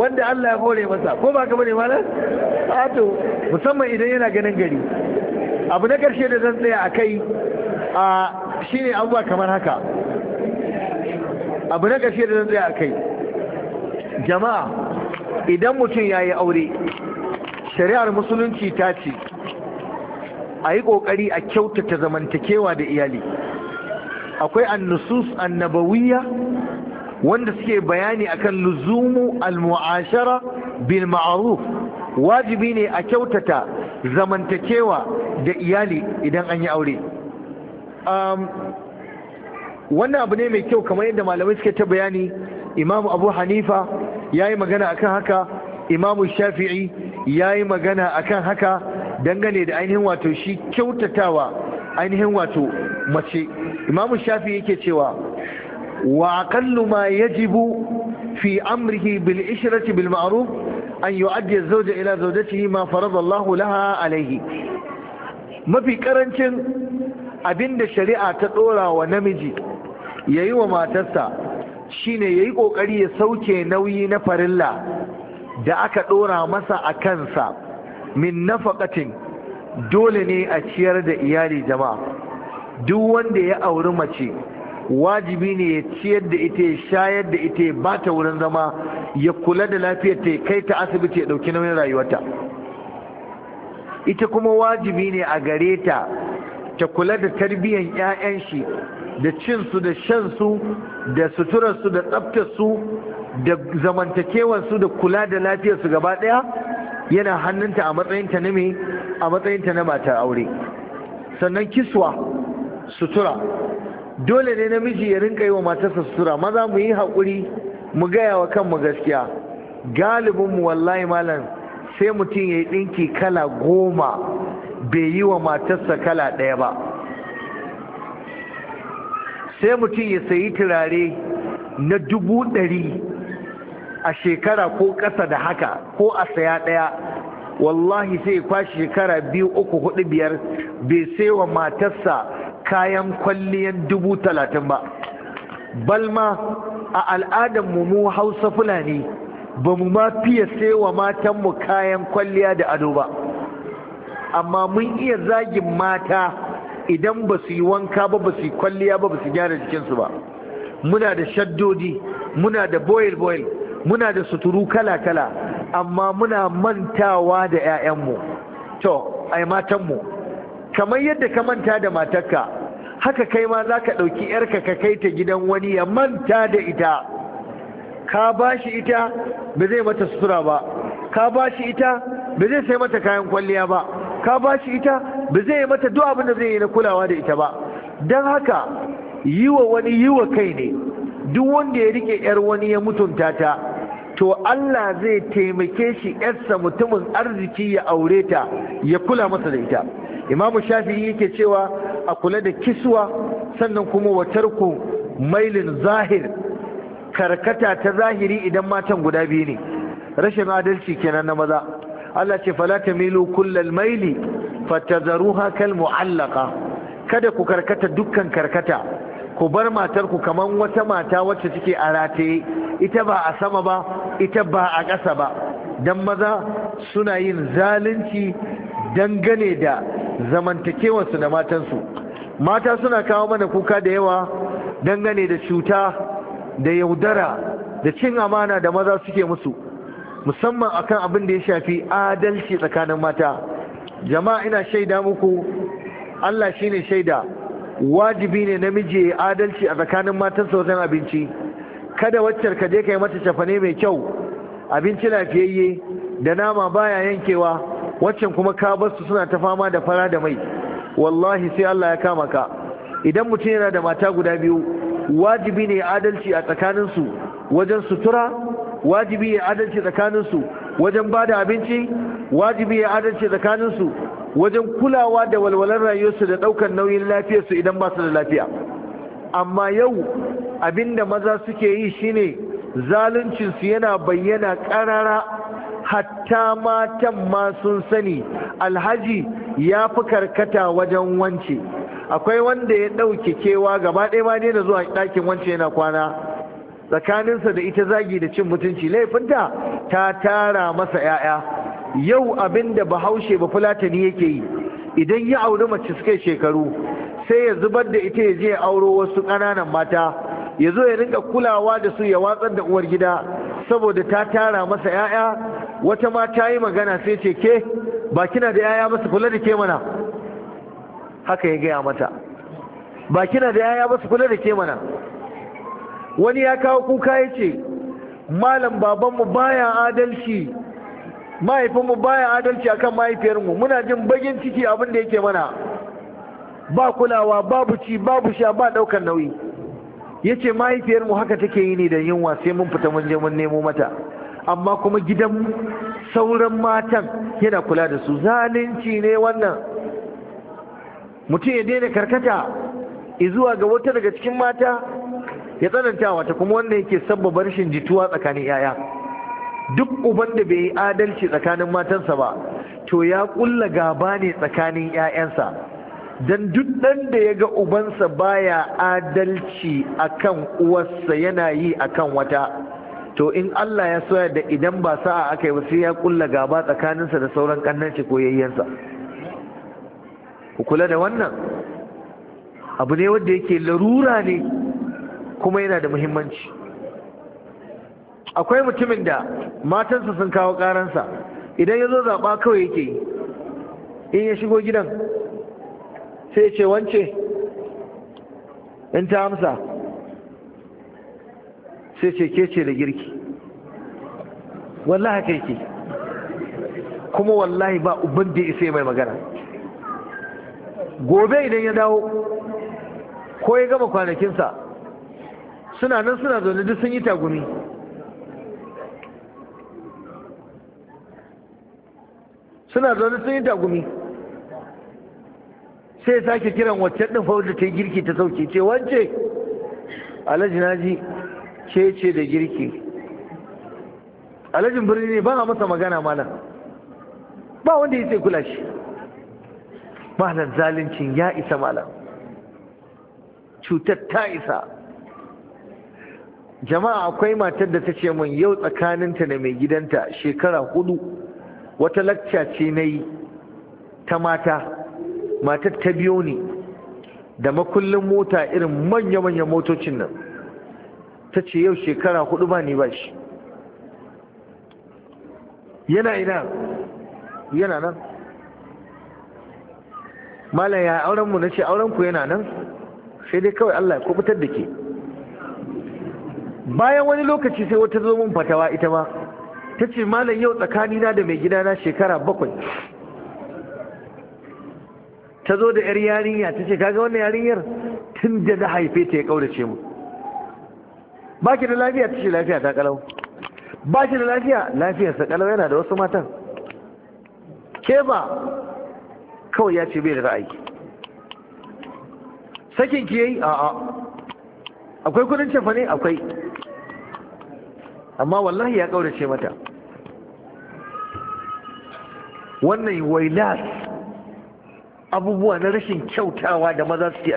wanda Allah ya hore masa ko ba ka bane malam ato musamman idan yana ganin gari abu na karshe da zan tsaya a kai a shine abuwa kamar haka abu na karshe da zan tsaya a kai jama'a idan mutum ya yi aure shari'ar musulunci ta ce a yi ƙoƙari a kyautata zamantakewa da iyali akwai annusus annabawiyya wanda suke bayani akan luzumu mu'ashara bil ma'ruf wajibi ne a kyautata zamantakewa da iyali idan an yi aure um, wannan abu ne mai kyau kamar yadda malamai suke ta bayani Imam abu hanifa ya yi magana akan haka imamu shafi'i ya yi magana akan haka dangane da ainihin wato shi kyautatawa ainihin wato mace imamu shafi yake cewa wa aqallu ma yajibu fi amrihi bil ishrati bil ma'ruf an yu'addi az-zawja ila zawjatihi ma farada Allahu laha alayhi mafi karancin abinda shari'a ta dora wa namiji yayi wa matarsa shine yayi kokari ya sauke nauyi na farilla da aka dora masa a kansa min nafaqatin dole ne a ciyar da iyali jama'a duk wanda ya auri mace wajibi ne ya ciyar da ita ya shayar da ita ya ba ta wurin zama ya kula da lafiyar ta kai ta asibiti ya dauki nauyin rayuwarta ita kuma wajibi ne a gare ta ta kula da tarbiyyar 'ya'yan shi da cin su da shan su da suturarsu da tsaftarsu da zamantakewarsu da kula da lafiyarsu gaba ɗaya yana hannunta a matsayinta na me a matsayinta na matar aure sannan kiswa sutura dole ne namiji ya rinka yi wa matarsa sutura maza mu yi haƙuri mu gaya wa kanmu gaskiya galibin mu wallahi malam sai mutum ya yi ɗinki kala goma bai yi wa matarsa kala ɗaya ba sai mutum ya sayi turare na dubu ɗari a shekara ko ƙasa da haka ko a saya ɗaya wallahi sai kwashi shekara biyu uku hudu biyar bai sai wa matarsa kayan kwalliyan dubu talatin ba balma a al'adar mu hausa fulani ba mu ma fiye sai wa matanmu kayan kwalliya da ado ba amma mun iya zagin mata idan ba su yi wanka ba ba su yi kwalliya ba ba su gyara jikinsu ba muna da shaddodi muna da boil boil muna da suturu kala-kala amma muna mantawa da 'ya'yanmu to ai matanmu kamar yadda ka manta da matarka haka kai ma za ka ɗauki 'yarka ka kai ta gidan wani ya manta da ita ka ba shi ita ba zai mata sutura ba ka ba shi ita ba zai sai mata kayan kwalliya ba ka ba shi ita ba zai mata duk abin da zai yi na kulawa da ita ba don haka yi wa wani yi wa kai ne duk wanda ya rike 'yar wani ya mutunta ta to Allah zai taimake shi yarsa mutumin arziki ya aure ta ya kula masa da ita imamu shafi'i yake cewa a kula da kiswa sannan kuma watarku tarku mailin zahir karkata ta zahiri idan matan guda biyu ne rashin adalci kenan na maza Allah ce fala tamilu kullal maili fatazaruha kal mu'allaqa kada ku karkata dukkan karkata ku bar matar ku kaman wata mata wacce take a rataye ita ba a sama ba ita ba a ƙasa ba don maza suna yin zalunci dangane da zamantakewarsu da matansu mata suna kawo mana kuka da yawa dangane da cuta da yaudara da cin amana da maza suke musu musamman akan abin da ya shafi adalci tsakanin mata jama'a ina shaida muku Allah shine shaida wajibi ne namiji ya adalci a tsakanin matansa wajen abinci kada waccar ka je kai mata cafane mai kyau abinci lafiyayye da nama baya yankewa waccan kuma ka basu suna ta fama da fara da mai wallahi sai Allah ya kama ka idan mutum yana da mata guda biyu wajibi ne adalci a tsakaninsu su wajen sutura wajibi ne adalci tsakaninsu su wajen bada abinci wajibi ne adalci tsakaninsu wajen kulawa da walwalar rayuwarsu da ɗaukar nauyin lafiyarsu idan ba su da lafiya amma yau Abin da maza suke yi shine zaluncinsu yana bayyana karara hatta matan ma sun sani alhaji ya fi karkata wajen wance akwai wanda ya ɗauke kewa gaba ɗaya ma da zuwa ɗakin wance yana kwana tsakaninsa da ita zagi da cin mutunci laifinta ta tara masa 'ya'ya yau abin da bahaushe ba fulatani yake yi idan ya auri mace suka shekaru sai ya zubar da ita ya je auro wasu ƙananan mata ya zo ya rinka kulawa da su ya watsar da uwar gida saboda ta tara masa 'ya'ya wata ma ta yi magana sai ce ke ba kina da 'ya'ya ba su kula da ke mana haka ya gaya mata ba kina da 'ya'ya ba su kula da ke mana wani ya kawo kuka ya ce malam babanmu baya adalci mahaifinmu baya adalci akan mahaifiyarmu muna jin bagin ciki abinda da yake mana ba kulawa babu ci babu sha ba ɗaukar nauyi Ya ce mahaifiyarmu haka take yi ne da yunwa sai mun fita mun je mun nemo mata amma kuma gidan sauran matan yana kula da su zalunci ne wannan mutum ya daina karkata zuwa ga wata daga cikin mata ya tsananta wata kuma wanda yake sabbaba rashin jituwa tsakanin yaya duk uban da bai yi adalci tsakanin matansa ba to ya kulla gaba ne tsakanin yayansa dan duk ɗan da ya ga ubansa baya adalci akan uwarsa yana yi akan wata to in Allah ya soya da idan ba sa'a aka yi ba sai ya kulla gaba tsakaninsa da sauran kannan shi ko ku kula da wannan abu ne wanda yake larura ne kuma yana da muhimmanci akwai mutumin da matansa sun kawo ƙaransa idan ya zo zaɓa kawai yake in ya shigo gidan sai ce wance in ta amsa sai ce ke ce da girki wallahi kai ke kuma wallahi ba uban da isai mai magana gobe idan ya dawo ko ya gama kwanakinsa suna nan suna zaune duk sun yi tagumi suna zaune sun yi tagumi sai sake kiran wacce ɗin fa da ta girki ta sauke ce wance alhaji naji ce ce da girki alhajin birni ne ba a masa magana malam ba wanda ya ce kula shi malam zaluncin ya isa malam cutar ta isa jama'a akwai matar da ta ce min yau tsakaninta da mai gidanta shekara hudu wata lakca ce na yi ta mata matar ta biyo ni da makullin mota irin manya-manyan motocin nan ta ce yau shekara hudu ba ni ba shi yana ina yana nan malam ya aurenmu na ce aurenku yana nan sai dai kawai Allah ko fitar da ke bayan wani lokaci sai wata zo mun fatawa ita ma ta ce malam yau tsakanina da mai gidana shekara bakwai ta zo da yar yarinya ta ce kaga wannan yarinyar tun da na haife ta ya kaurace mu ba ki da lafiya ta ce lafiya ta kalau ba ki da lafiya ta kalau yana da wasu matan ke ba kawai ya ce bai da ra'ayi sakin ki yayi a'a akwai kudin cefa ne akwai amma wallahi ya kaurace mata wannan wailas abubuwa na rashin kyautawa da maza suke